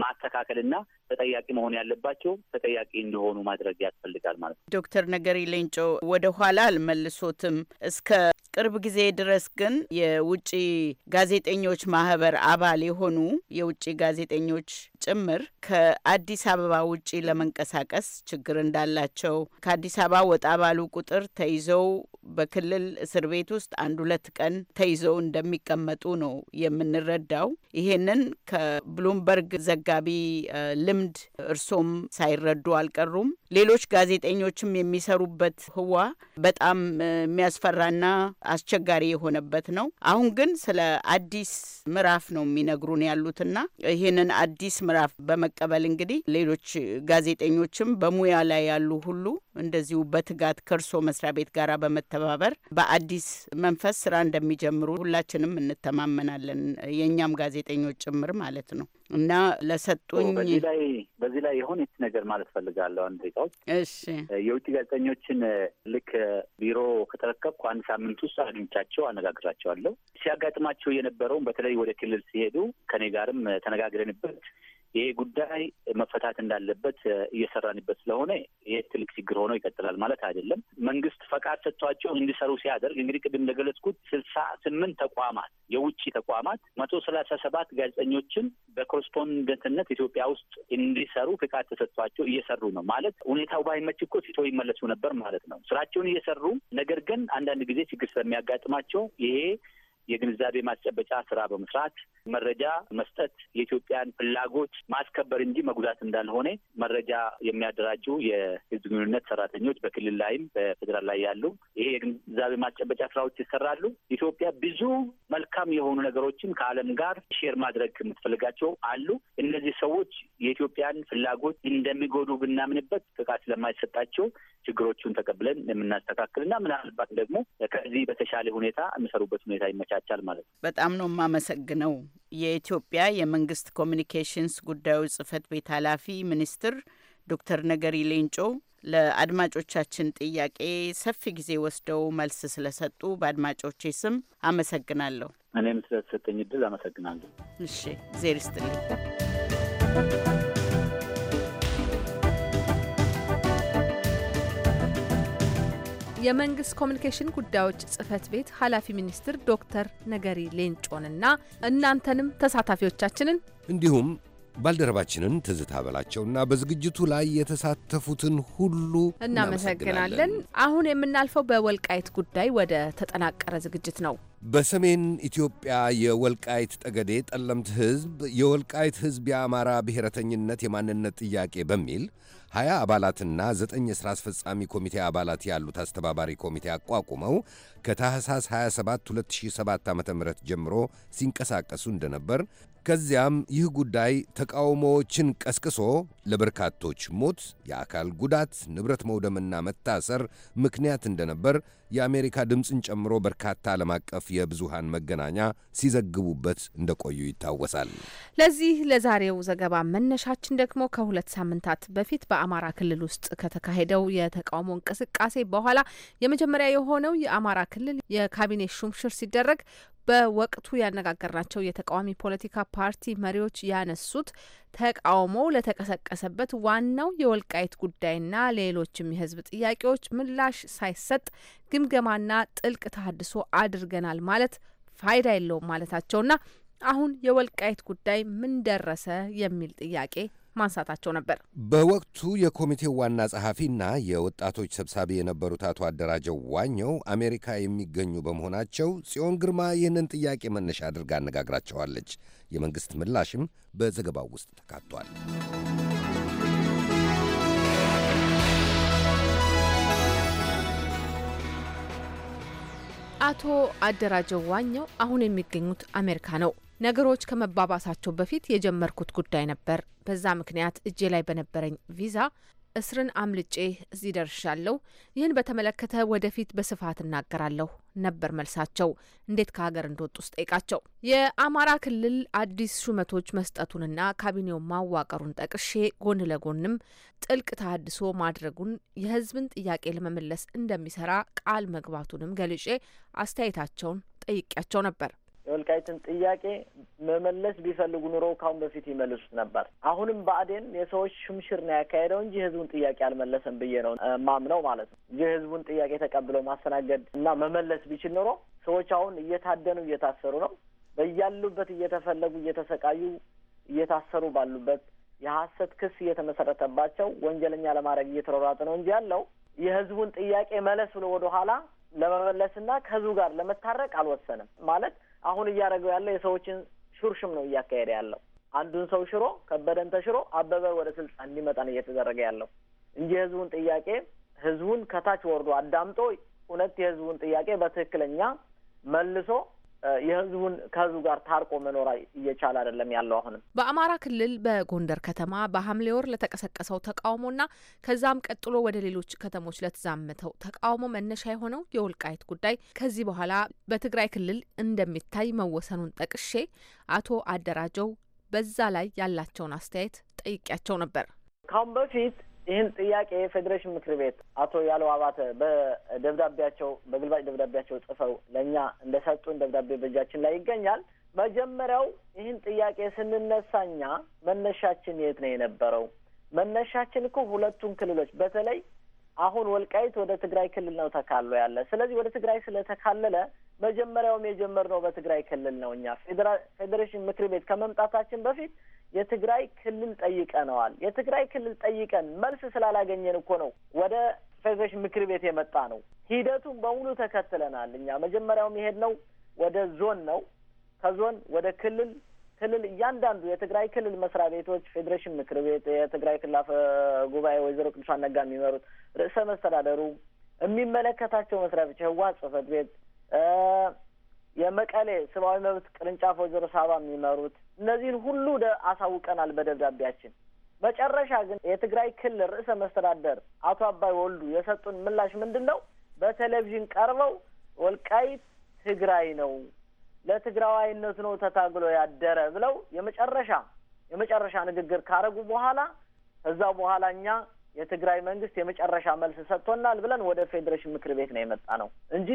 ማስተካከልና ተጠያቂ መሆን ያለባቸው ተጠያቂ እንዲሆኑ ማድረግ ያስፈልጋል ማለት ነው። ዶክተር ነገሪ ሌንጮ ወደ ኋላ አልመልሶትም እስከ ቅርብ ጊዜ ድረስ ግን የውጭ ጋዜጠኞች ማህበር አባል የሆኑ የውጭ ጋዜጠኞች ጭምር ከአዲስ አበባ ውጪ ለመንቀሳቀስ ችግር እንዳላቸው ከአዲስ አበባ ወጣ ባሉ ቁጥር ተይዘው በክልል እስር ቤት ውስጥ አንድ ሁለት ቀን ተይዘው እንደሚቀመጡ ነው የምንረዳው። ይሄንን ከብሉምበርግ ዘጋቢ ልምድ እርሶም ሳይረዱ አልቀሩም። ሌሎች ጋዜጠኞችም የሚሰሩበት ህዋ በጣም የሚያስፈራና አስቸጋሪ የሆነበት ነው። አሁን ግን ስለ አዲስ ምዕራፍ ነው የሚነግሩን ያሉትና ይህንን አዲስ ምዕራፍ በመቀበል እንግዲህ ሌሎች ጋዜጠኞችም በሙያ ላይ ያሉ ሁሉ እንደዚሁ በትጋት ከእርሶ መስሪያ ቤት ጋር በመ በመተባበር በአዲስ መንፈስ ስራ እንደሚጀምሩ ሁላችንም እንተማመናለን፣ የእኛም ጋዜጠኞች ጭምር ማለት ነው እና ለሰጡኝ በዚህ ላይ በዚህ ላይ የሆነች ነገር ማለት ፈልጋለሁ። አንድ እሺ፣ የውጭ ጋዜጠኞችን ልክ ቢሮ ከተረከብኩ አንድ ሳምንት ውስጥ አግኝቻቸው አነጋግራቸዋለሁ። ሲያጋጥማቸው የነበረውን በተለይ ወደ ክልል ሲሄዱ ከኔ ጋርም ተነጋግረንበት ይሄ ጉዳይ መፈታት እንዳለበት እየሰራንበት ስለሆነ ይህ ትልቅ ችግር ሆኖ ይቀጥላል ማለት አይደለም። መንግስት ፈቃድ ሰጥቷቸው እንዲሰሩ ሲያደርግ እንግዲህ ቅድም እንደገለጽኩት ስልሳ ስምንት ተቋማት የውጭ ተቋማት መቶ ሰላሳ ሰባት ጋዜጠኞችን በኮረስፖንደንትነት ኢትዮጵያ ውስጥ እንዲሰሩ ፍቃድ ተሰጥቷቸው እየሰሩ ነው ማለት ሁኔታው ባይመች እኮ ሲቶ ይመለሱ ነበር ማለት ነው። ስራቸውን እየሰሩ ነገር ግን አንዳንድ ጊዜ ችግር ስለሚያጋጥማቸው ይሄ የግንዛቤ ማስጨበጫ ስራ በመስራት መረጃ መስጠት የኢትዮጵያን ፍላጎት ማስከበር እንጂ መጉዳት እንዳልሆነ መረጃ የሚያደራጁ የህዝብ ግንኙነት ሰራተኞች በክልል ላይም በፌዴራል ላይ ያሉ ይሄ የግንዛቤ ማስጨበጫ ስራዎች ይሰራሉ። ኢትዮጵያ ብዙ መልካም የሆኑ ነገሮችን ከዓለም ጋር ሼር ማድረግ የምትፈልጋቸው አሉ። እነዚህ ሰዎች የኢትዮጵያን ፍላጎት እንደሚጎዱ ብናምንበት ጥቃት ስለማይሰጣቸው ችግሮቹን ተቀብለን የምናስተካክልና ምናልባት ደግሞ ከዚህ በተሻለ ሁኔታ የሚሰሩበት ሁኔታ ይመቻል። ይመቻቻል ማለት ነው። በጣም ነው የማመሰግነው። የኢትዮጵያ የመንግስት ኮሚኒኬሽንስ ጉዳዮች ጽህፈት ቤት ኃላፊ ሚኒስትር ዶክተር ነገሪ ሌንጮ ለአድማጮቻችን ጥያቄ ሰፊ ጊዜ ወስደው መልስ ስለሰጡ በአድማጮቼ ስም አመሰግናለሁ። እኔም ስለተሰጠኝ እድል አመሰግናለሁ። እሺ፣ እግዜር ይስጥልኝ። የመንግስት ኮሚኒኬሽን ጉዳዮች ጽህፈት ቤት ኃላፊ ሚኒስትር ዶክተር ነገሪ ሌንጮንና እናንተንም ተሳታፊዎቻችንን እንዲሁም ባልደረባችንን ትዝታ በላቸውና በዝግጅቱ ላይ የተሳተፉትን ሁሉ እናመሰግናለን። አሁን የምናልፈው በወልቃይት ጉዳይ ወደ ተጠናቀረ ዝግጅት ነው። በሰሜን ኢትዮጵያ የወልቃይት ጠገዴ ጠለምት ህዝብ የወልቃይት ህዝብ የአማራ ብሔረተኝነት የማንነት ጥያቄ በሚል ሀያ አባላትና ዘጠኝ የሥራ አስፈጻሚ ኮሚቴ አባላት ያሉት አስተባባሪ ኮሚቴ አቋቁመው ከታህሳስ 27 2007 ዓ ም ጀምሮ ሲንቀሳቀሱ እንደነበር ከዚያም ይህ ጉዳይ ተቃውሞዎችን ቀስቅሶ ለበርካቶች ሞት፣ የአካል ጉዳት፣ ንብረት መውደምና መታሰር ምክንያት እንደነበር የአሜሪካ ድምፅን ጨምሮ በርካታ ዓለም አቀፍ የብዙሃን መገናኛ ሲዘግቡበት እንደቆዩ ይታወሳል። ለዚህ ለዛሬው ዘገባ መነሻችን ደግሞ ከሁለት ሳምንታት በፊት በአማራ ክልል ውስጥ ከተካሄደው የተቃውሞ እንቅስቃሴ በኋላ የመጀመሪያ የሆነው የአማራ ክልል የካቢኔ ሹምሽር ሲደረግ በወቅቱ ያነጋገርናቸው የተቃዋሚ ፖለቲካ ፓርቲ መሪዎች ያነሱት ተቃውሞ ለተቀሰቀሰበት ዋናው የወልቃይት ጉዳይና ሌሎችም የሕዝብ ጥያቄዎች ምላሽ ሳይሰጥ ግምገማና ጥልቅ ተሀድሶ አድርገናል ማለት ፋይዳ የለውም ማለታቸውና አሁን የወልቃይት ጉዳይ ምን ደረሰ የሚል ጥያቄ ማንሳታቸው ነበር። በወቅቱ የኮሚቴው ዋና ጸሐፊና የወጣቶች ሰብሳቢ የነበሩት አቶ አደራጀው ዋኘው አሜሪካ የሚገኙ በመሆናቸው ጽዮን ግርማ ይህንን ጥያቄ መነሻ አድርጋ አነጋግራቸዋለች። የመንግስት ምላሽም በዘገባው ውስጥ ተካቷል። አቶ አደራጀው ዋኘው አሁን የሚገኙት አሜሪካ ነው። ነገሮች ከመባባሳቸው በፊት የጀመርኩት ጉዳይ ነበር። በዛ ምክንያት እጄ ላይ በነበረኝ ቪዛ እስርን አምልጬ እዚህ ደርሻለሁ። ይህን በተመለከተ ወደፊት በስፋት እናገራለሁ ነበር መልሳቸው። እንዴት ከሀገር እንደወጡ ውስጥ ጠይቃቸው። የአማራ ክልል አዲስ ሹመቶች መስጠቱንና ካቢኔውን ማዋቀሩን ጠቅሼ ጎን ለጎንም ጥልቅ ተሀድሶ ማድረጉን የሕዝብን ጥያቄ ለመመለስ እንደሚሰራ ቃል መግባቱንም ገልጬ አስተያየታቸውን ጠይቂያቸው ነበር። የወልቃይትን ጥያቄ መመለስ ቢፈልጉ ኑሮ ካሁን በፊት ይመልሱት ነበር። አሁንም ብአዴን የሰዎች ሽምሽር ነው ያካሄደው እንጂ የህዝቡን ጥያቄ አልመለሰም ብዬ ነው ማምነው ማለት ነው። የህዝቡን ጥያቄ ተቀብሎ ማስተናገድ እና መመለስ ቢችል ኑሮ ሰዎች አሁን እየታደኑ እየታሰሩ ነው። በያሉበት እየተፈለጉ እየተሰቃዩ እየታሰሩ ባሉበት የሀሰት ክስ እየተመሰረተባቸው ወንጀለኛ ለማድረግ እየተሯሯጠ ነው እንጂ ያለው የህዝቡን ጥያቄ መለስ ብሎ ወደኋላ ለመመለስና ከህዝቡ ጋር ለመታረቅ አልወሰንም ማለት አሁን እያደረገው ያለው የሰዎችን ሹርሽም ነው እያካሄደ ያለው። አንዱን ሰው ሽሮ ከበደን ተሽሮ አበበ ወደ ስልጣን እንዲመጣ ነው እየተደረገ ያለው እንጂ የህዝቡን ጥያቄ ህዝቡን ከታች ወርዶ አዳምጦ እውነት የህዝቡን ጥያቄ በትክክለኛ መልሶ የህዝቡን ከህዝቡ ጋር ታርቆ መኖር እየቻለ አይደለም ያለው። አሁንም በአማራ ክልል በጎንደር ከተማ በሐምሌ ወር ለተቀሰቀሰው ተቃውሞና ከዛም ቀጥሎ ወደ ሌሎች ከተሞች ለተዛመተው ተቃውሞ መነሻ የሆነው የወልቃይት ጉዳይ ከዚህ በኋላ በትግራይ ክልል እንደሚታይ መወሰኑን ጠቅሼ አቶ አደራጀው በዛ ላይ ያላቸውን አስተያየት ጠይቄያቸው ነበር። ካሁን በፊት ይህን ጥያቄ የፌዴሬሽን ምክር ቤት አቶ ያለው አባተ በደብዳቤያቸው በግልባጭ ደብዳቤያቸው ጽፈው ለእኛ እንደሰጡን ደብዳቤ በእጃችን ላይ ይገኛል። መጀመሪያው ይህን ጥያቄ ስንነሳኛ መነሻችን የት ነው የነበረው? መነሻችን እኮ ሁለቱን ክልሎች በተለይ አሁን ወልቃይት ወደ ትግራይ ክልል ነው ተካሎ ያለ። ስለዚህ ወደ ትግራይ ስለተካለለ መጀመሪያውም የጀመርነው በትግራይ ክልል ነው። እኛ ፌዴሬሽን ምክር ቤት ከመምጣታችን በፊት የትግራይ ክልል ጠይቀነዋል። የትግራይ ክልል ጠይቀን መልስ ስላላገኘን እኮ ነው ወደ ፌዴሬሽን ምክር ቤት የመጣ ነው። ሂደቱን በሙሉ ተከትለናል። እኛ መጀመሪያውም የሄድ ነው ወደ ዞን ነው። ከዞን ወደ ክልል ክልል እያንዳንዱ የትግራይ ክልል መስሪያ ቤቶች፣ ፌዴሬሽን ምክር ቤት፣ የትግራይ ክልል አፈ ጉባኤ ወይዘሮ ቅዱሳን ነጋ የሚመሩት ርዕሰ መስተዳደሩ፣ የሚመለከታቸው መስሪያ ቤቶች፣ የህወሓት ጽህፈት ቤት የመቀሌ ሰብአዊ መብት ቅርንጫፍ ወይዘሮ ሳባ የሚመሩት እነዚህን ሁሉ አሳውቀናል በደብዳቤያችን። መጨረሻ ግን የትግራይ ክልል ርዕሰ መስተዳደር አቶ አባይ ወልዱ የሰጡን ምላሽ ምንድን ነው? በቴሌቪዥን ቀርበው ወልቃይት ትግራይ ነው፣ ለትግራዋይነት ነው ተታግሎ ያደረ ብለው የመጨረሻ የመጨረሻ ንግግር ካረጉ በኋላ ከዛ በኋላ እኛ የትግራይ መንግስት የመጨረሻ መልስ ሰጥቶናል ብለን ወደ ፌዴሬሽን ምክር ቤት ነው የመጣ ነው እንጂ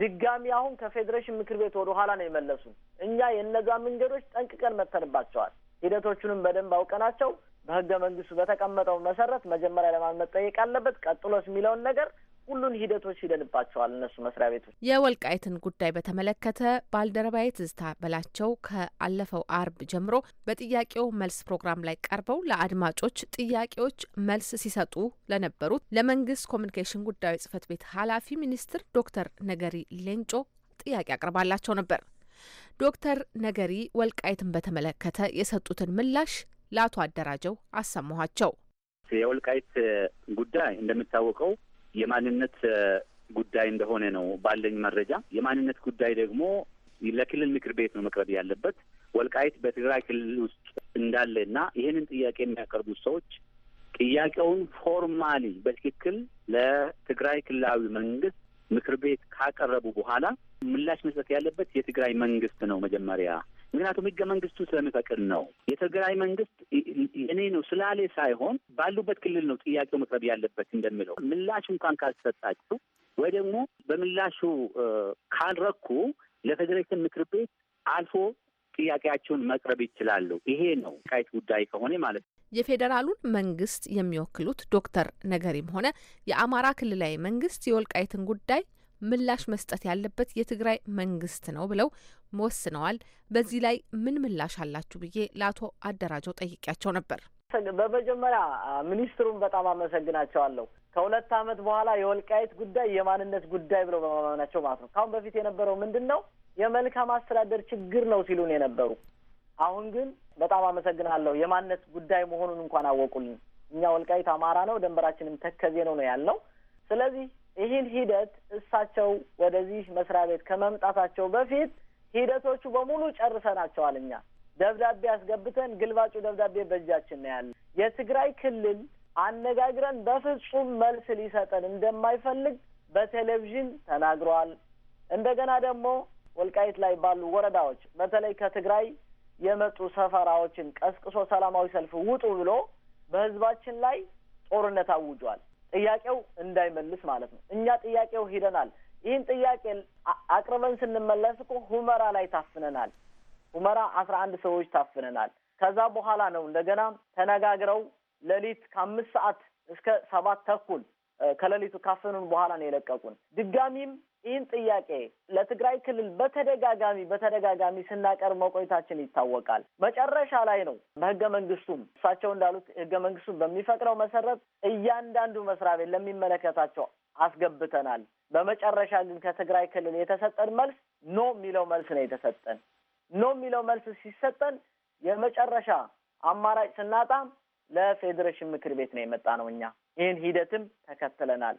ድጋሚ አሁን ከፌዴሬሽን ምክር ቤት ወደ ኋላ ነው የመለሱን። እኛ የእነዛ መንገዶች ጠንቅቀን መተንባቸዋል። ሂደቶቹንም በደንብ አውቀናቸው በህገ መንግስቱ በተቀመጠው መሰረት መጀመሪያ ለማን መጠየቅ አለበት ቀጥሎስ የሚለውን ነገር ሁሉን ሂደቶች ሂደንባቸዋል። እነሱ መስሪያ ቤቶች የወልቃይትን ጉዳይ በተመለከተ ባልደረባዬ ትዝታ በላቸው ከአለፈው አርብ ጀምሮ በጥያቄው መልስ ፕሮግራም ላይ ቀርበው ለአድማጮች ጥያቄዎች መልስ ሲሰጡ ለነበሩት ለመንግስት ኮሚኒኬሽን ጉዳዮች ጽህፈት ቤት ኃላፊ ሚኒስትር ዶክተር ነገሪ ሌንጮ ጥያቄ አቅርባላቸው ነበር። ዶክተር ነገሪ ወልቃይትን በተመለከተ የሰጡትን ምላሽ ለአቶ አደራጀው አሰማኋቸው። የወልቃይት ጉዳይ እንደሚታወቀው የማንነት ጉዳይ እንደሆነ ነው ባለኝ መረጃ። የማንነት ጉዳይ ደግሞ ለክልል ምክር ቤት ነው መቅረብ ያለበት። ወልቃይት በትግራይ ክልል ውስጥ እንዳለ እና ይህንን ጥያቄ የሚያቀርቡት ሰዎች ጥያቄውን ፎርማሊ በትክክል ለትግራይ ክልላዊ መንግስት ምክር ቤት ካቀረቡ በኋላ ምላሽ መስጠት ያለበት የትግራይ መንግስት ነው መጀመሪያ ምክንያቱም ህገ መንግስቱ ስለሚፈቅድ ነው። የትግራይ መንግስት እኔ ነው ስላሌ ሳይሆን ባሉበት ክልል ነው ጥያቄው መቅረብ ያለበት እንደሚለው ምላሽ እንኳን ካልተሰጣችሁ ወይ ደግሞ በምላሹ ካልረኩ ለፌዴሬሽን ምክር ቤት አልፎ ጥያቄያቸውን መቅረብ ይችላሉ። ይሄ ነው ቃይት ጉዳይ ከሆነ ማለት ነው። የፌዴራሉን መንግስት የሚወክሉት ዶክተር ነገሪም ሆነ የአማራ ክልላዊ መንግስት የወልቃይትን ጉዳይ ምላሽ መስጠት ያለበት የትግራይ መንግስት ነው ብለው ወስነዋል። በዚህ ላይ ምን ምላሽ አላችሁ ብዬ ለአቶ አደራጀው ጠይቄያቸው ነበር። በመጀመሪያ ሚኒስትሩን በጣም አመሰግናቸዋለሁ። ከሁለት ዓመት በኋላ የወልቃይት ጉዳይ የማንነት ጉዳይ ብለው በማመናቸው ማለት ነው። ካሁን በፊት የነበረው ምንድን ነው የመልካም አስተዳደር ችግር ነው ሲሉን የነበሩ አሁን ግን በጣም አመሰግናለሁ የማንነት ጉዳይ መሆኑን እንኳን አወቁልን። እኛ ወልቃይት አማራ ነው፣ ደንበራችንም ተከዜ ነው ነው ያለው። ስለዚህ ይህን ሂደት እሳቸው ወደዚህ መስሪያ ቤት ከመምጣታቸው በፊት ሂደቶቹ በሙሉ ጨርሰናቸዋል። እኛ ደብዳቤ አስገብተን ግልባጩ ደብዳቤ በእጃችን ነው ያለ። የትግራይ ክልል አነጋግረን በፍጹም መልስ ሊሰጠን እንደማይፈልግ በቴሌቪዥን ተናግረዋል። እንደገና ደግሞ ወልቃይት ላይ ባሉ ወረዳዎች በተለይ ከትግራይ የመጡ ሰፈራዎችን ቀስቅሶ ሰላማዊ ሰልፍ ውጡ ብሎ በህዝባችን ላይ ጦርነት አውጇል። ጥያቄው እንዳይመልስ ማለት ነው። እኛ ጥያቄው ሂደናል። ይህን ጥያቄ አቅርበን ስንመለስ እኮ ሁመራ ላይ ታፍነናል። ሁመራ አስራ አንድ ሰዎች ታፍነናል። ከዛ በኋላ ነው እንደገና ተነጋግረው ሌሊት ከአምስት ሰዓት እስከ ሰባት ተኩል ከሌሊቱ ካፈኑን በኋላ ነው የለቀቁን። ድጋሚም ይህን ጥያቄ ለትግራይ ክልል በተደጋጋሚ በተደጋጋሚ ስናቀርብ መቆየታችን ይታወቃል። መጨረሻ ላይ ነው በህገ መንግስቱም እሳቸው እንዳሉት ህገ መንግስቱም በሚፈቅደው መሰረት እያንዳንዱ መስሪያ ቤት ለሚመለከታቸው አስገብተናል። በመጨረሻ ግን ከትግራይ ክልል የተሰጠን መልስ ኖ የሚለው መልስ ነው የተሰጠን። ኖ የሚለው መልስ ሲሰጠን የመጨረሻ አማራጭ ስናጣም ለፌዴሬሽን ምክር ቤት ነው የመጣ ነው። እኛ ይህን ሂደትም ተከትለናል።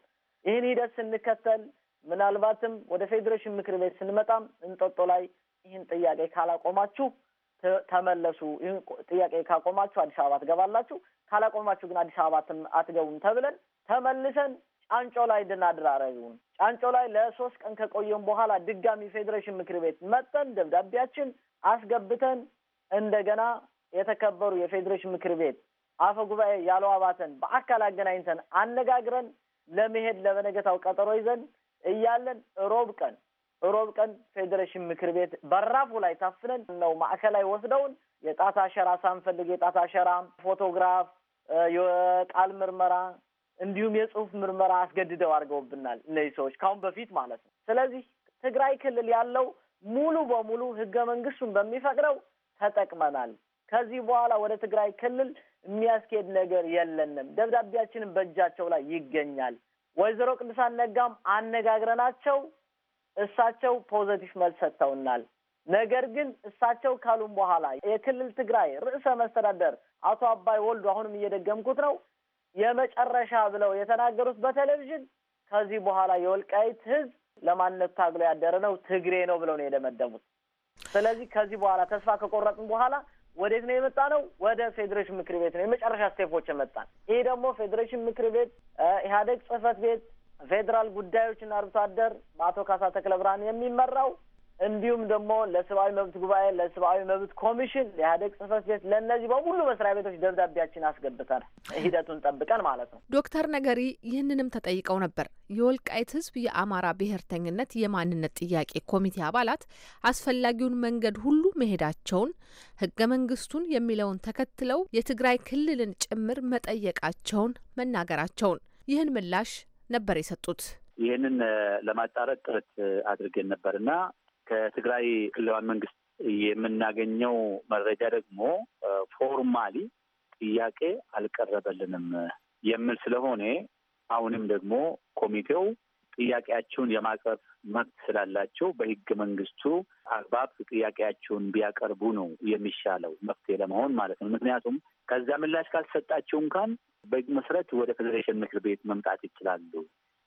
ይህን ሂደት ስንከተል ምናልባትም ወደ ፌዴሬሽን ምክር ቤት ስንመጣም እንጦጦ ላይ ይህን ጥያቄ ካላቆማችሁ ተመለሱ፣ ይህን ጥያቄ ካቆማችሁ አዲስ አበባ ትገባላችሁ፣ ካላቆማችሁ ግን አዲስ አበባ አትገቡም ተብለን ተመልሰን ጫንጮ ላይ ድናድር ጫንጮ ላይ ለሶስት ቀን ከቆየም በኋላ ድጋሚ ፌዴሬሽን ምክር ቤት መጠን ደብዳቤያችን አስገብተን እንደገና የተከበሩ የፌዴሬሽን ምክር ቤት አፈ ጉባኤ ያለው አባተን በአካል አገናኝተን አነጋግረን ለመሄድ ለበነገታው ቀጠሮ ይዘን እያለን ሮብ ቀን ሮብ ቀን ፌዴሬሽን ምክር ቤት በራፉ ላይ ታፍነን ነው ማዕከላዊ ወስደውን የጣት አሸራ ሳንፈልግ የጣት አሸራ፣ ፎቶግራፍ፣ የቃል ምርመራ እንዲሁም የጽሁፍ ምርመራ አስገድደው አድርገውብናል እነዚህ ሰዎች ካሁን በፊት ማለት ነው። ስለዚህ ትግራይ ክልል ያለው ሙሉ በሙሉ ህገ መንግስቱን በሚፈቅደው ተጠቅመናል። ከዚህ በኋላ ወደ ትግራይ ክልል የሚያስኬድ ነገር የለንም። ደብዳቤያችንን በእጃቸው ላይ ይገኛል። ወይዘሮ ቅዱሳን ነጋም አነጋግረናቸው እሳቸው ፖዘቲቭ መልስ ሰጥተውናል። ነገር ግን እሳቸው ካሉም በኋላ የክልል ትግራይ ርዕሰ መስተዳደር አቶ አባይ ወልዱ አሁንም እየደገምኩት ነው የመጨረሻ ብለው የተናገሩት በቴሌቪዥን ከዚህ በኋላ የወልቃይት ህዝብ ለማንነት ታግሎ ያደረ ነው ትግሬ ነው ብለው ነው የደመደሙት። ስለዚህ ከዚህ በኋላ ተስፋ ከቆረጥን በኋላ ወዴት ነው የመጣ ነው? ወደ ፌዴሬሽን ምክር ቤት ነው የመጨረሻ ስቴፖች የመጣን። ይሄ ደግሞ ፌዴሬሽን ምክር ቤት፣ ኢህአዴግ ጽህፈት ቤት፣ ፌዴራል ጉዳዮችና አርብቶ አደር በአቶ ካሳ ተክለብርሃን የሚመራው እንዲሁም ደግሞ ለሰብአዊ መብት ጉባኤ፣ ለሰብአዊ መብት ኮሚሽን፣ ለኢህአዴግ ጽህፈት ቤት ለእነዚህ በሙሉ መስሪያ ቤቶች ደብዳቤያችን አስገብተን ሂደቱን ጠብቀን ማለት ነው። ዶክተር ነገሪ ይህንንም ተጠይቀው ነበር። የወልቃይት ህዝብ የአማራ ብሔርተኝነት የማንነት ጥያቄ ኮሚቴ አባላት አስፈላጊውን መንገድ ሁሉ መሄዳቸውን፣ ህገ መንግስቱን የሚለውን ተከትለው የትግራይ ክልልን ጭምር መጠየቃቸውን መናገራቸውን ይህን ምላሽ ነበር የሰጡት። ይህንን ለማጣረቅ ጥረት አድርገን ነበርና ከትግራይ ክልላዊ መንግስት የምናገኘው መረጃ ደግሞ ፎርማሊ ጥያቄ አልቀረበልንም የሚል ስለሆነ አሁንም ደግሞ ኮሚቴው ጥያቄያቸውን የማቅረብ መብት ስላላቸው በህገ መንግስቱ አግባብ ጥያቄያቸውን ቢያቀርቡ ነው የሚሻለው መፍትሄ ለመሆን ማለት ነው። ምክንያቱም ከዛ ምላሽ ካልሰጣቸው እንኳን በህግ መሰረት ወደ ፌዴሬሽን ምክር ቤት መምጣት ይችላሉ።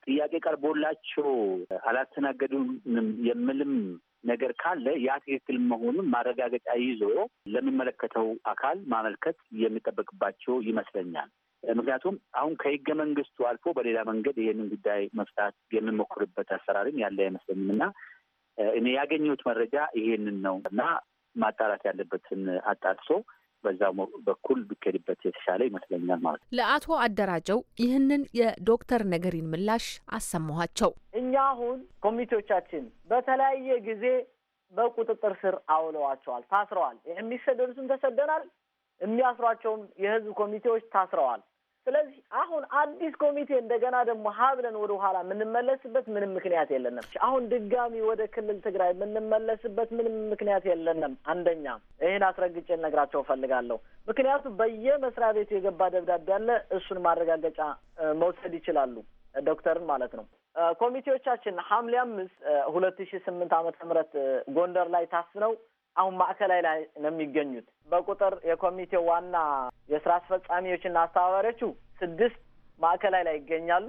ጥያቄ ቀርቦላቸው አላስተናገዱንም የምልም ነገር ካለ ያ ትክክል መሆኑን ማረጋገጫ ይዞ ለሚመለከተው አካል ማመልከት የሚጠበቅባቸው ይመስለኛል። ምክንያቱም አሁን ከህገ መንግስቱ አልፎ በሌላ መንገድ ይህንን ጉዳይ መፍታት የምንሞክርበት አሰራርም ያለ አይመስለኝም እና እኔ ያገኘሁት መረጃ ይሄንን ነው እና ማጣራት ያለበትን አጣርሶ በዛ በኩል ቢካሄድበት የተሻለ ይመስለኛል ማለት ነው። ለአቶ አደራጀው ይህንን የዶክተር ነገሪን ምላሽ አሰማኋቸው። እኛ አሁን ኮሚቴዎቻችን በተለያየ ጊዜ በቁጥጥር ስር አውለዋቸዋል፣ ታስረዋል። የሚሰደዱትም ተሰደናል፣ የሚያስሯቸውም የህዝብ ኮሚቴዎች ታስረዋል። ስለዚህ አሁን አዲስ ኮሚቴ እንደገና ደግሞ ሀብለን ወደ ኋላ የምንመለስበት ምንም ምክንያት የለንም። አሁን ድጋሚ ወደ ክልል ትግራይ የምንመለስበት ምንም ምክንያት የለንም። አንደኛ ይህን አስረግጬ ነግራቸው እፈልጋለሁ። ምክንያቱም በየመስሪያ ቤቱ የገባ ደብዳቤ አለ። እሱን ማረጋገጫ መውሰድ ይችላሉ፣ ዶክተርን ማለት ነው። ኮሚቴዎቻችን ሐምሌ አምስት ሁለት ሺ ስምንት ዓመተ ምህረት ጎንደር ላይ ታስነው አሁን ማዕከላዊ ላይ ነው የሚገኙት። በቁጥር የኮሚቴው ዋና የስራ አስፈጻሚዎችና አስተባባሪዎቹ ስድስት ማዕከላዊ ላይ ይገኛሉ።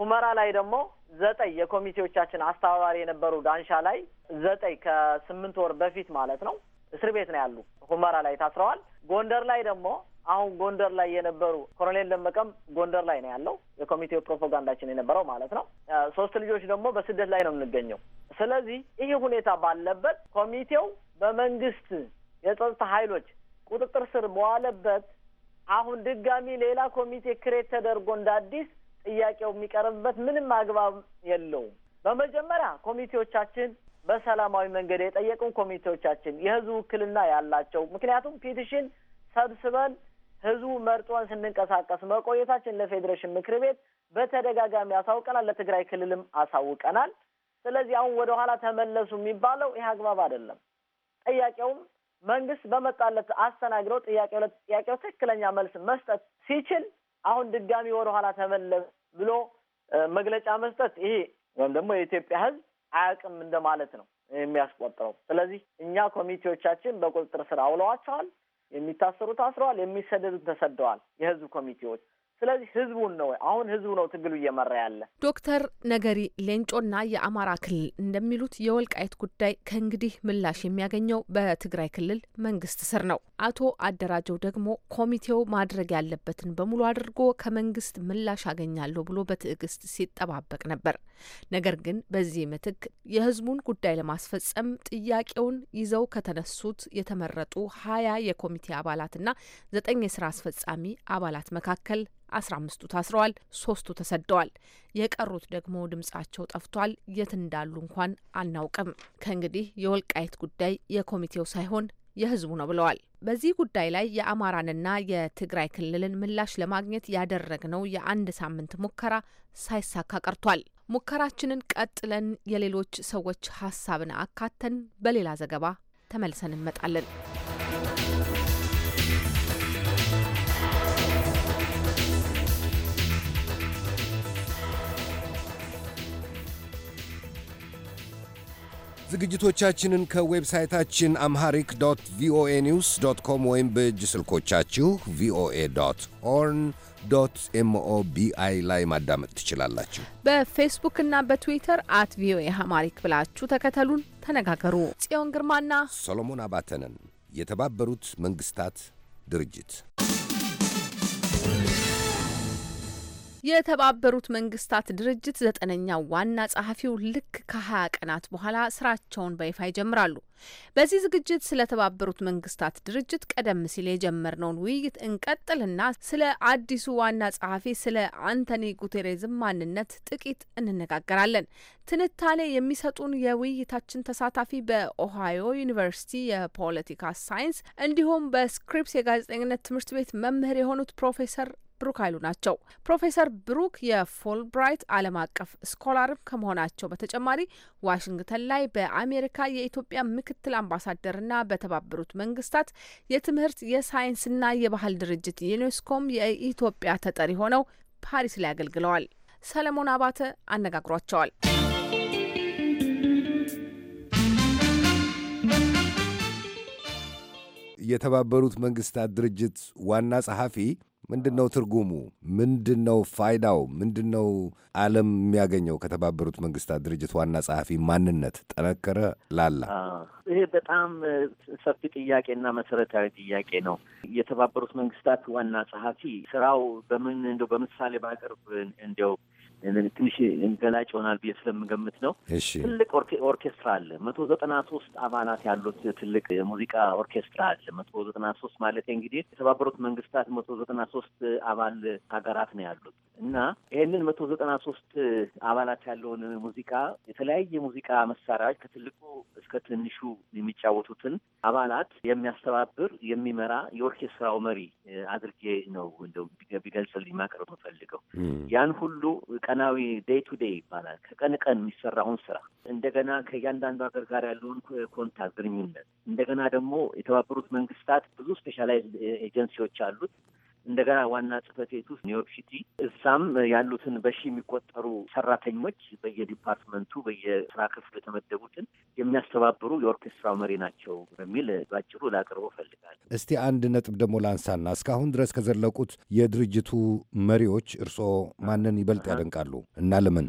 ሁመራ ላይ ደግሞ ዘጠኝ የኮሚቴዎቻችን አስተባባሪ የነበሩ ዳንሻ ላይ ዘጠኝ ከስምንት ወር በፊት ማለት ነው እስር ቤት ነው ያሉ፣ ሁመራ ላይ ታስረዋል። ጎንደር ላይ ደግሞ አሁን ጎንደር ላይ የነበሩ ኮሎኔል ደመቀም ጎንደር ላይ ነው ያለው የኮሚቴው ፕሮፓጋንዳችን የነበረው ማለት ነው። ሶስት ልጆች ደግሞ በስደት ላይ ነው የምንገኘው። ስለዚህ ይህ ሁኔታ ባለበት ኮሚቴው በመንግስት የጸጥታ ኃይሎች ቁጥጥር ስር በዋለበት አሁን ድጋሚ ሌላ ኮሚቴ ክሬት ተደርጎ እንደ አዲስ ጥያቄው የሚቀርብበት ምንም አግባብ የለውም። በመጀመሪያ ኮሚቴዎቻችን በሰላማዊ መንገድ የጠየቁን ኮሚቴዎቻችን የህዝብ ውክልና ያላቸው ምክንያቱም ፒቲሽን ሰብስበን ህዝቡ መርጦን ስንንቀሳቀስ መቆየታችን ለፌዴሬሽን ምክር ቤት በተደጋጋሚ አሳውቀናል። ለትግራይ ክልልም አሳውቀናል። ስለዚህ አሁን ወደ ኋላ ተመለሱ የሚባለው ይህ አግባብ አይደለም። ጥያቄውም መንግስት በመጣለት ሁለት ጥያቄው ለጥያቄው ትክክለኛ መልስ መስጠት ሲችል አሁን ድጋሚ ወደ ኋላ ተመለስ ብሎ መግለጫ መስጠት ይሄ ወይም ደግሞ የኢትዮጵያ ህዝብ አያውቅም እንደማለት ነው የሚያስቆጥረው። ስለዚህ እኛ ኮሚቴዎቻችን በቁጥጥር ስር አውለዋቸዋል። የሚታሰሩ ታስረዋል፣ የሚሰደዱ ተሰደዋል። የህዝብ ኮሚቴዎች ስለዚህ ህዝቡን ነው አሁን ህዝቡ ነው ትግሉ እየመራ ያለ። ዶክተር ነገሪ ሌንጮና የአማራ ክልል እንደሚሉት የወልቃይት ጉዳይ ከእንግዲህ ምላሽ የሚያገኘው በትግራይ ክልል መንግስት ስር ነው። አቶ አደራጀው ደግሞ ኮሚቴው ማድረግ ያለበትን በሙሉ አድርጎ ከመንግስት ምላሽ አገኛለሁ ብሎ በትዕግስት ሲጠባበቅ ነበር። ነገር ግን በዚህ ምትክ የህዝቡን ጉዳይ ለማስፈጸም ጥያቄውን ይዘው ከተነሱት የተመረጡ ሀያ የኮሚቴ አባላትና ዘጠኝ የስራ አስፈጻሚ አባላት መካከል አስራ አምስቱ ታስረዋል፣ ሶስቱ ተሰደዋል። የቀሩት ደግሞ ድምጻቸው ጠፍቷል። የት እንዳሉ እንኳን አናውቅም። ከእንግዲህ የወልቃይት ጉዳይ የኮሚቴው ሳይሆን የህዝቡ ነው ብለዋል። በዚህ ጉዳይ ላይ የአማራንና የትግራይ ክልልን ምላሽ ለማግኘት ያደረግነው የአንድ ሳምንት ሙከራ ሳይሳካ ቀርቷል። ሙከራችንን ቀጥለን የሌሎች ሰዎች ሀሳብን አካተን በሌላ ዘገባ ተመልሰን እንመጣለን። ዝግጅቶቻችንን ከዌብሳይታችን አምሃሪክ ዶት ቪኦኤ ኒውስ ዶት ኮም ወይም በእጅ ስልኮቻችሁ ቪኦኤ ዶት ሆርን ዶት ኤምኦቢአይ ላይ ማዳመጥ ትችላላችሁ። በፌስቡክ እና በትዊተር አት ቪኦኤ አማሪክ ብላችሁ ተከተሉን፣ ተነጋገሩ። ጽዮን ግርማና ሶሎሞን አባተንን የተባበሩት መንግስታት ድርጅት የተባበሩት መንግስታት ድርጅት ዘጠነኛ ዋና ጸሐፊው ልክ ከሀያ ቀናት በኋላ ስራቸውን በይፋ ይጀምራሉ። በዚህ ዝግጅት ስለ ተባበሩት መንግስታት ድርጅት ቀደም ሲል የጀመርነውን ውይይት እንቀጥልና ስለ አዲሱ ዋና ጸሐፊ ስለ አንቶኒ ጉቴሬዝም ማንነት ጥቂት እንነጋገራለን። ትንታኔ የሚሰጡን የውይይታችን ተሳታፊ በኦሃዮ ዩኒቨርሲቲ የፖለቲካ ሳይንስ እንዲሁም በስክሪፕስ የጋዜጠኝነት ትምህርት ቤት መምህር የሆኑት ፕሮፌሰር ብሩክ ኃይሉ ናቸው። ፕሮፌሰር ብሩክ የፎልብራይት ዓለም አቀፍ ስኮላርም ከመሆናቸው በተጨማሪ ዋሽንግተን ላይ በአሜሪካ የኢትዮጵያ ምክትል አምባሳደርና በተባበሩት መንግስታት የትምህርት የሳይንስና የባህል ድርጅት ዩኔስኮም የኢትዮጵያ ተጠሪ ሆነው ፓሪስ ላይ አገልግለዋል። ሰለሞን አባተ አነጋግሯቸዋል። የተባበሩት መንግስታት ድርጅት ዋና ጸሐፊ ምንድን ነው ትርጉሙ? ምንድን ነው ፋይዳው? ምንድን ነው ዓለም የሚያገኘው ከተባበሩት መንግስታት ድርጅት ዋና ጸሐፊ ማንነት ጠነከረ ላላ? ይሄ በጣም ሰፊ ጥያቄና መሰረታዊ ጥያቄ ነው። የተባበሩት መንግስታት ዋና ጸሐፊ ስራው በምን እንደው በምሳሌ ባቅርብ እንዲያው ትንሽ ገላጭ ይሆናል ብዬ ስለምገምት ነው። ትልቅ ኦርኬስትራ አለ። መቶ ዘጠና ሶስት አባላት ያሉት ትልቅ ሙዚቃ ኦርኬስትራ አለ። መቶ ዘጠና ሶስት ማለት እንግዲህ የተባበሩት መንግስታት መቶ ዘጠና ሶስት አባል ሀገራት ነው ያሉት እና ይህንን መቶ ዘጠና ሶስት አባላት ያለውን ሙዚቃ የተለያየ ሙዚቃ መሳሪያዎች ከትልቁ እስከ ትንሹ የሚጫወቱትን አባላት የሚያስተባብር የሚመራ የኦርኬስትራው መሪ አድርጌ ነው እንደው ቢገልጽልኝ ማቅረብ ያን ሁሉ ቀናዊ ዴይ ቱ ዴይ ይባላል። ከቀን ቀን የሚሰራውን ስራ እንደገና ከእያንዳንዱ ሀገር ጋር ያለውን ኮንታክት ግንኙነት እንደገና ደግሞ የተባበሩት መንግስታት ብዙ ስፔሻላይዝ ኤጀንሲዎች አሉት። እንደገና ዋና ጽህፈት ቤት ውስጥ ኒውዮርክ ሲቲ እዛም ያሉትን በሺ የሚቆጠሩ ሰራተኞች በየዲፓርትመንቱ በየስራ ክፍሉ የተመደቡትን የሚያስተባብሩ የኦርኬስትራው መሪ ናቸው በሚል ባጭሩ ላቅርቦ ፈልጋል። እስቲ አንድ ነጥብ ደግሞ ላንሳና እስካሁን ድረስ ከዘለቁት የድርጅቱ መሪዎች እርስዎ ማንን ይበልጥ ያደንቃሉ እና ለምን?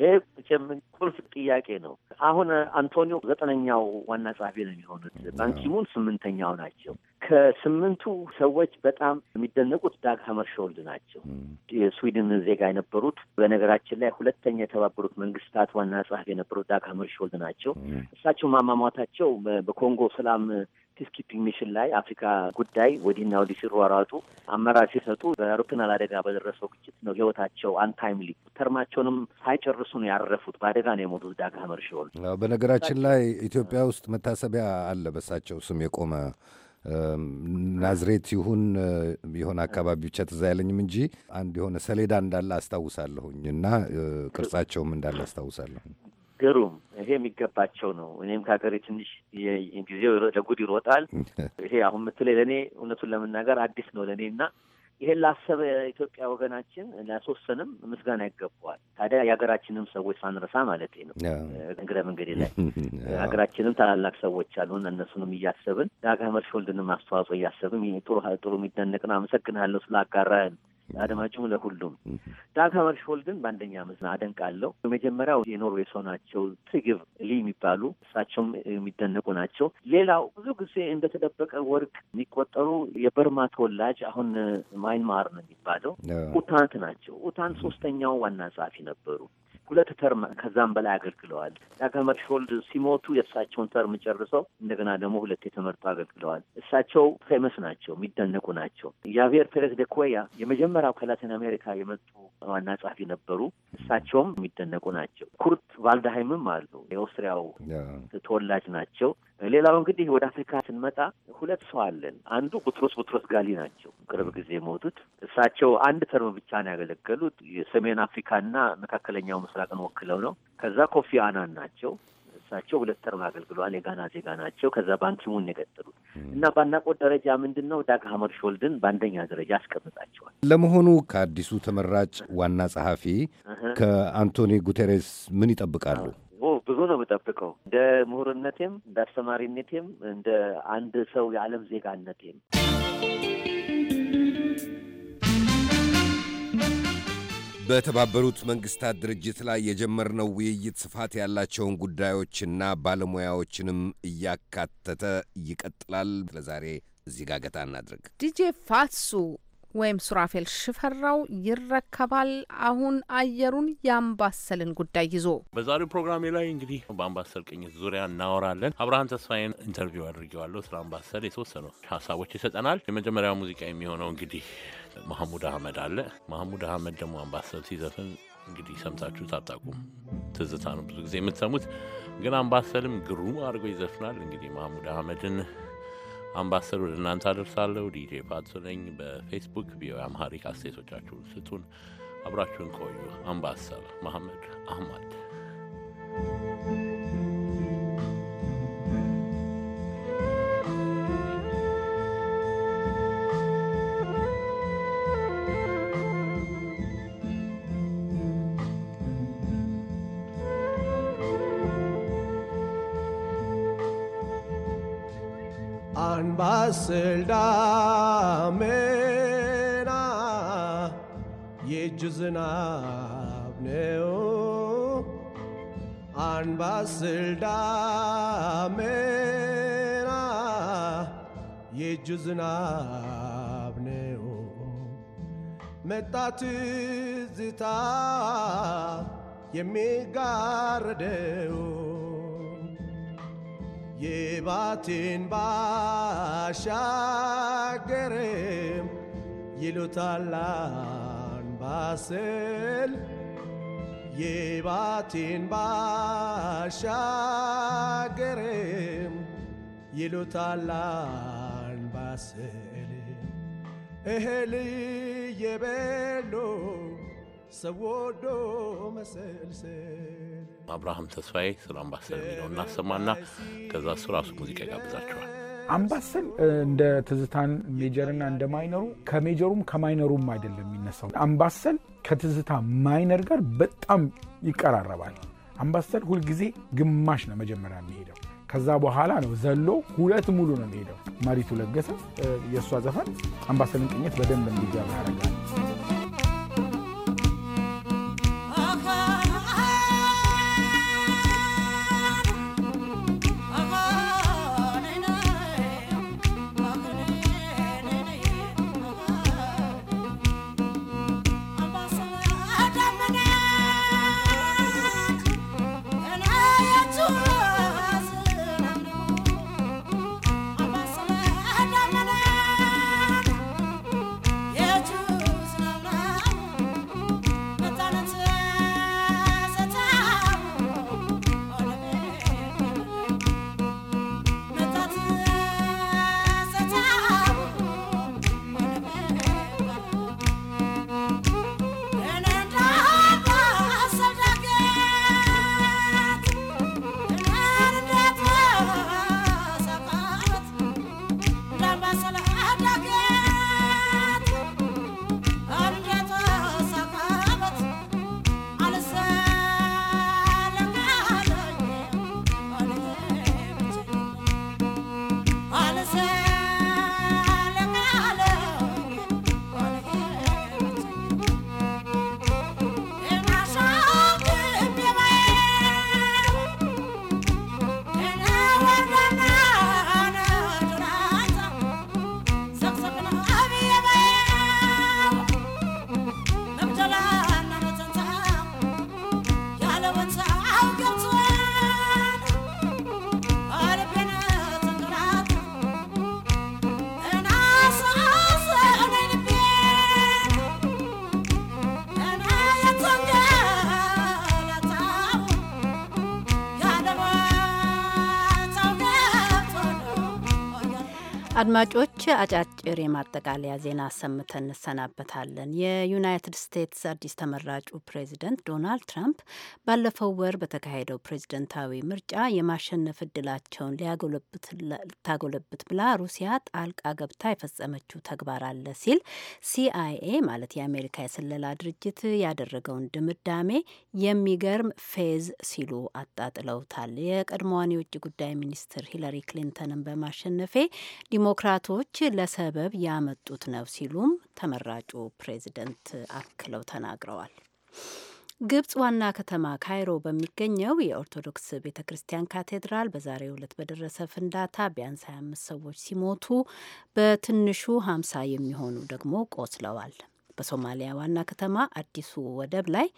ይሄ ቁልፍ ጥያቄ ነው። አሁን አንቶኒዮ ዘጠነኛው ዋና ጸሐፊ ነው የሚሆኑት፣ ባንኪሙን ስምንተኛው ናቸው። ከስምንቱ ሰዎች በጣም የሚደነቁት ዳግ ሀመርሾልድ ናቸው። የስዊድን ዜጋ የነበሩት በነገራችን ላይ ሁለተኛ የተባበሩት መንግስታት ዋና ጸሐፊ የነበሩት ዳግ ሀመርሾልድ ናቸው። እሳቸው ማማሟታቸው በኮንጎ ሰላም ፒስኪፒንግ ሚሽን ላይ አፍሪካ ጉዳይ ወዲህና ወዲህ ሲሯሯጡ አመራር ሲሰጡ በአውሮፕላን አደጋ በደረሰው ግጭት ነው ህይወታቸው አንታይምሊ ተርማቸውንም ሳይጨርሱ ነው ያረፉት። በአደጋ ነው የሞቱት ዳግ ሀመርሾልድ። በነገራችን ላይ ኢትዮጵያ ውስጥ መታሰቢያ አለ በሳቸው ስም የቆመ ናዝሬት ይሁን የሆነ አካባቢ ብቻ ትዝ አይለኝም እንጂ አንድ የሆነ ሰሌዳ እንዳለ አስታውሳለሁኝ እና ቅርጻቸውም እንዳለ አስታውሳለሁኝ። ግሩም። ይሄ የሚገባቸው ነው። እኔም ከሀገሬ ትንሽ ጊዜው ለጉድ ይሮጣል። ይሄ አሁን የምትለኝ ለእኔ እውነቱን ለመናገር አዲስ ነው ለእኔ እና ይሄን ላሰበ የኢትዮጵያ ወገናችን ላስወሰንም ምስጋና ይገባዋል። ታዲያ የሀገራችንም ሰዎች ሳንረሳ ማለት ነው እግረ መንገዴ ላይ ሀገራችንም ታላላቅ ሰዎች አሉን። እነሱንም እያሰብን ዳግማዊ መልሽ አስተዋጽኦ እያሰብን ጥሩ ጥሩ የሚደነቅ ነው። አመሰግናለሁ ስለ ስላጋራህን አደማጭም ለሁሉም መርሾል ግን በአንደኛ መስና አደንቃለሁ። የመጀመሪያው የኖርዌይ ሰው ናቸው። ትግብ ሊ የሚባሉ እሳቸውም የሚደነቁ ናቸው። ሌላው ብዙ ጊዜ እንደተደበቀ ወርቅ የሚቆጠሩ የበርማ ተወላጅ አሁን ማይንማር ነው የሚባለው ኡታንት ናቸው። ኡታንት ሶስተኛው ዋና ጸሐፊ ነበሩ። ሁለት ተርም ከዛም በላይ አገልግለዋል። ዳግማዊ ሾልድ ሲሞቱ የእሳቸውን ተርም ጨርሰው እንደገና ደግሞ ሁለት የተመርጦ አገልግለዋል። እሳቸው ፌመስ ናቸው፣ የሚደነቁ ናቸው። ያቬር ፔሬዝ ደ ኩዌያ የመጀመሪያው ከላቲን አሜሪካ የመጡ ዋና ጸሐፊ ነበሩ። እሳቸውም የሚደነቁ ናቸው። ኩርት ቫልደሃይምም አሉ። የኦስትሪያው ተወላጅ ናቸው። ሌላው እንግዲህ ወደ አፍሪካ ስንመጣ ሁለት ሰው አለን። አንዱ ቡትሮስ ቡትሮስ ጋሊ ናቸው። ቅርብ ጊዜ የሞቱት እሳቸው አንድ ተርም ብቻ ነው ያገለገሉት። የሰሜን አፍሪካና መካከለኛው ምስራቅን ወክለው ነው። ከዛ ኮፊ አናን ናቸው። እሳቸው ሁለት ተርም አገልግለዋል። የጋና ዜጋ ናቸው። ከዛ ባንኪሙን የቀጠሉት እና ባናቆት ደረጃ ምንድን ነው ዳግ ሀመርሾልድን በአንደኛ ደረጃ አስቀምጣቸዋል። ለመሆኑ ከአዲሱ ተመራጭ ዋና ጸሐፊ ከአንቶኒ ጉቴሬስ ምን ይጠብቃሉ? ብዙ ነው የምጠብቀው። እንደ ምሁርነቴም እንደ አስተማሪነቴም እንደ አንድ ሰው የዓለም ዜጋነቴም በተባበሩት መንግስታት ድርጅት ላይ የጀመርነው ውይይት ስፋት ያላቸውን ጉዳዮችና ባለሙያዎችንም እያካተተ ይቀጥላል። ለዛሬ እዚህ ጋር ገታ እናድርግ። ዲጄ ፋትሱ ወይም ሱራፌል ሽፈራው ይረከባል። አሁን አየሩን የአምባሰልን ጉዳይ ይዞ በዛሬው ፕሮግራሜ ላይ እንግዲህ በአምባሰል ቅኝት ዙሪያ እናወራለን። አብርሃም ተስፋዬን ኢንተርቪው አድርጌዋለሁ። ስለ አምባሰል የተወሰኑ ሀሳቦች ይሰጠናል። የመጀመሪያው ሙዚቃ የሚሆነው እንግዲህ መሐሙድ አህመድ አለ። መሐሙድ አህመድ ደግሞ አምባሰል ሲዘፍን እንግዲህ ሰምታችሁ ታጣቁም ትዝታ ነው ብዙ ጊዜ የምትሰሙት፣ ግን አምባሰልም ግሩም አድርጎ ይዘፍናል። እንግዲህ መሐሙድ አህመድን አምባሰል ወደ እናንተ አደርሳለሁ። ዲጄ ፋትሱ ነኝ። በፌስቡክ ቪ አምሃሪክ አስተያየቶቻችሁን ስጡን። አብራችሁን ቆዩ። አምባሰል መሐመድ አህማድ ስልዳምና የእጅ ዝናብ ነው አንባስልዳምና የእጅ ዝናብ ነው መጣ ትዝታ የሚጋርደው የባቴን ባሻገርም ይሉታል አንባሰል የባቴን ባሻገርም ይሉታል አንባሰል እህል የበሉ ሰው ወዶ መሰልሰል አብርሃም ተስፋዬ ስለ አምባሰል የሚለው እናሰማና ከዛ እሱ ራሱ ሙዚቃ ይጋብዛቸዋል። አምባሰል እንደ ትዝታን ሜጀርና እንደ ማይነሩ ከሜጀሩም ከማይነሩም አይደለም የሚነሳው። አምባሰል ከትዝታ ማይነር ጋር በጣም ይቀራረባል። አምባሰል ሁልጊዜ ግማሽ ነው መጀመሪያ የሚሄደው፣ ከዛ በኋላ ነው ዘሎ ሁለት ሙሉ ነው የሚሄደው። መሪቱ ለገሰ የእሷ ዘፈን አምባሰልን ቅኝት በደንብ እንዲገባ ያደርጋል። አድማጮች አጫጭር አጭር የማጠቃለያ ዜና አሰምተን እንሰናበታለን። የዩናይትድ ስቴትስ አዲስ ተመራጩ ፕሬዚደንት ዶናልድ ትራምፕ ባለፈው ወር በተካሄደው ፕሬዝደንታዊ ምርጫ የማሸነፍ እድላቸውን ልታጎለብት ብላ ሩሲያ ጣልቃ ገብታ የፈጸመችው ተግባር አለ ሲል ሲአይኤ ማለት የአሜሪካ የስለላ ድርጅት ያደረገውን ድምዳሜ የሚገርም ፌዝ ሲሉ አጣጥለውታል። የቀድሞዋን የውጭ ጉዳይ ሚኒስትር ሂለሪ ክሊንተንን በማሸነፌ ዲሞክራቶች ለሰ ሰበብ ያመጡት ነው ሲሉም ተመራጩ ፕሬዚደንት አክለው ተናግረዋል። ግብጽ ዋና ከተማ ካይሮ በሚገኘው የኦርቶዶክስ ቤተ ክርስቲያን ካቴድራል በዛሬው ዕለት በደረሰ ፍንዳታ ቢያንስ 25 ሰዎች ሲሞቱ በትንሹ 50 የሚሆኑ ደግሞ ቆስለዋል። በሶማሊያ ዋና ከተማ አዲሱ ወደብ ላይ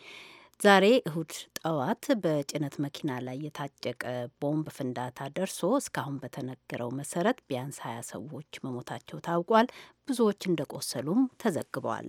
ዛሬ እሁድ ጠዋት በጭነት መኪና ላይ የታጨቀ ቦምብ ፍንዳታ ደርሶ እስካሁን በተነገረው መሰረት ቢያንስ ሀያ ሰዎች መሞታቸው ታውቋል። ብዙዎች እንደቆሰሉም ተዘግበዋል።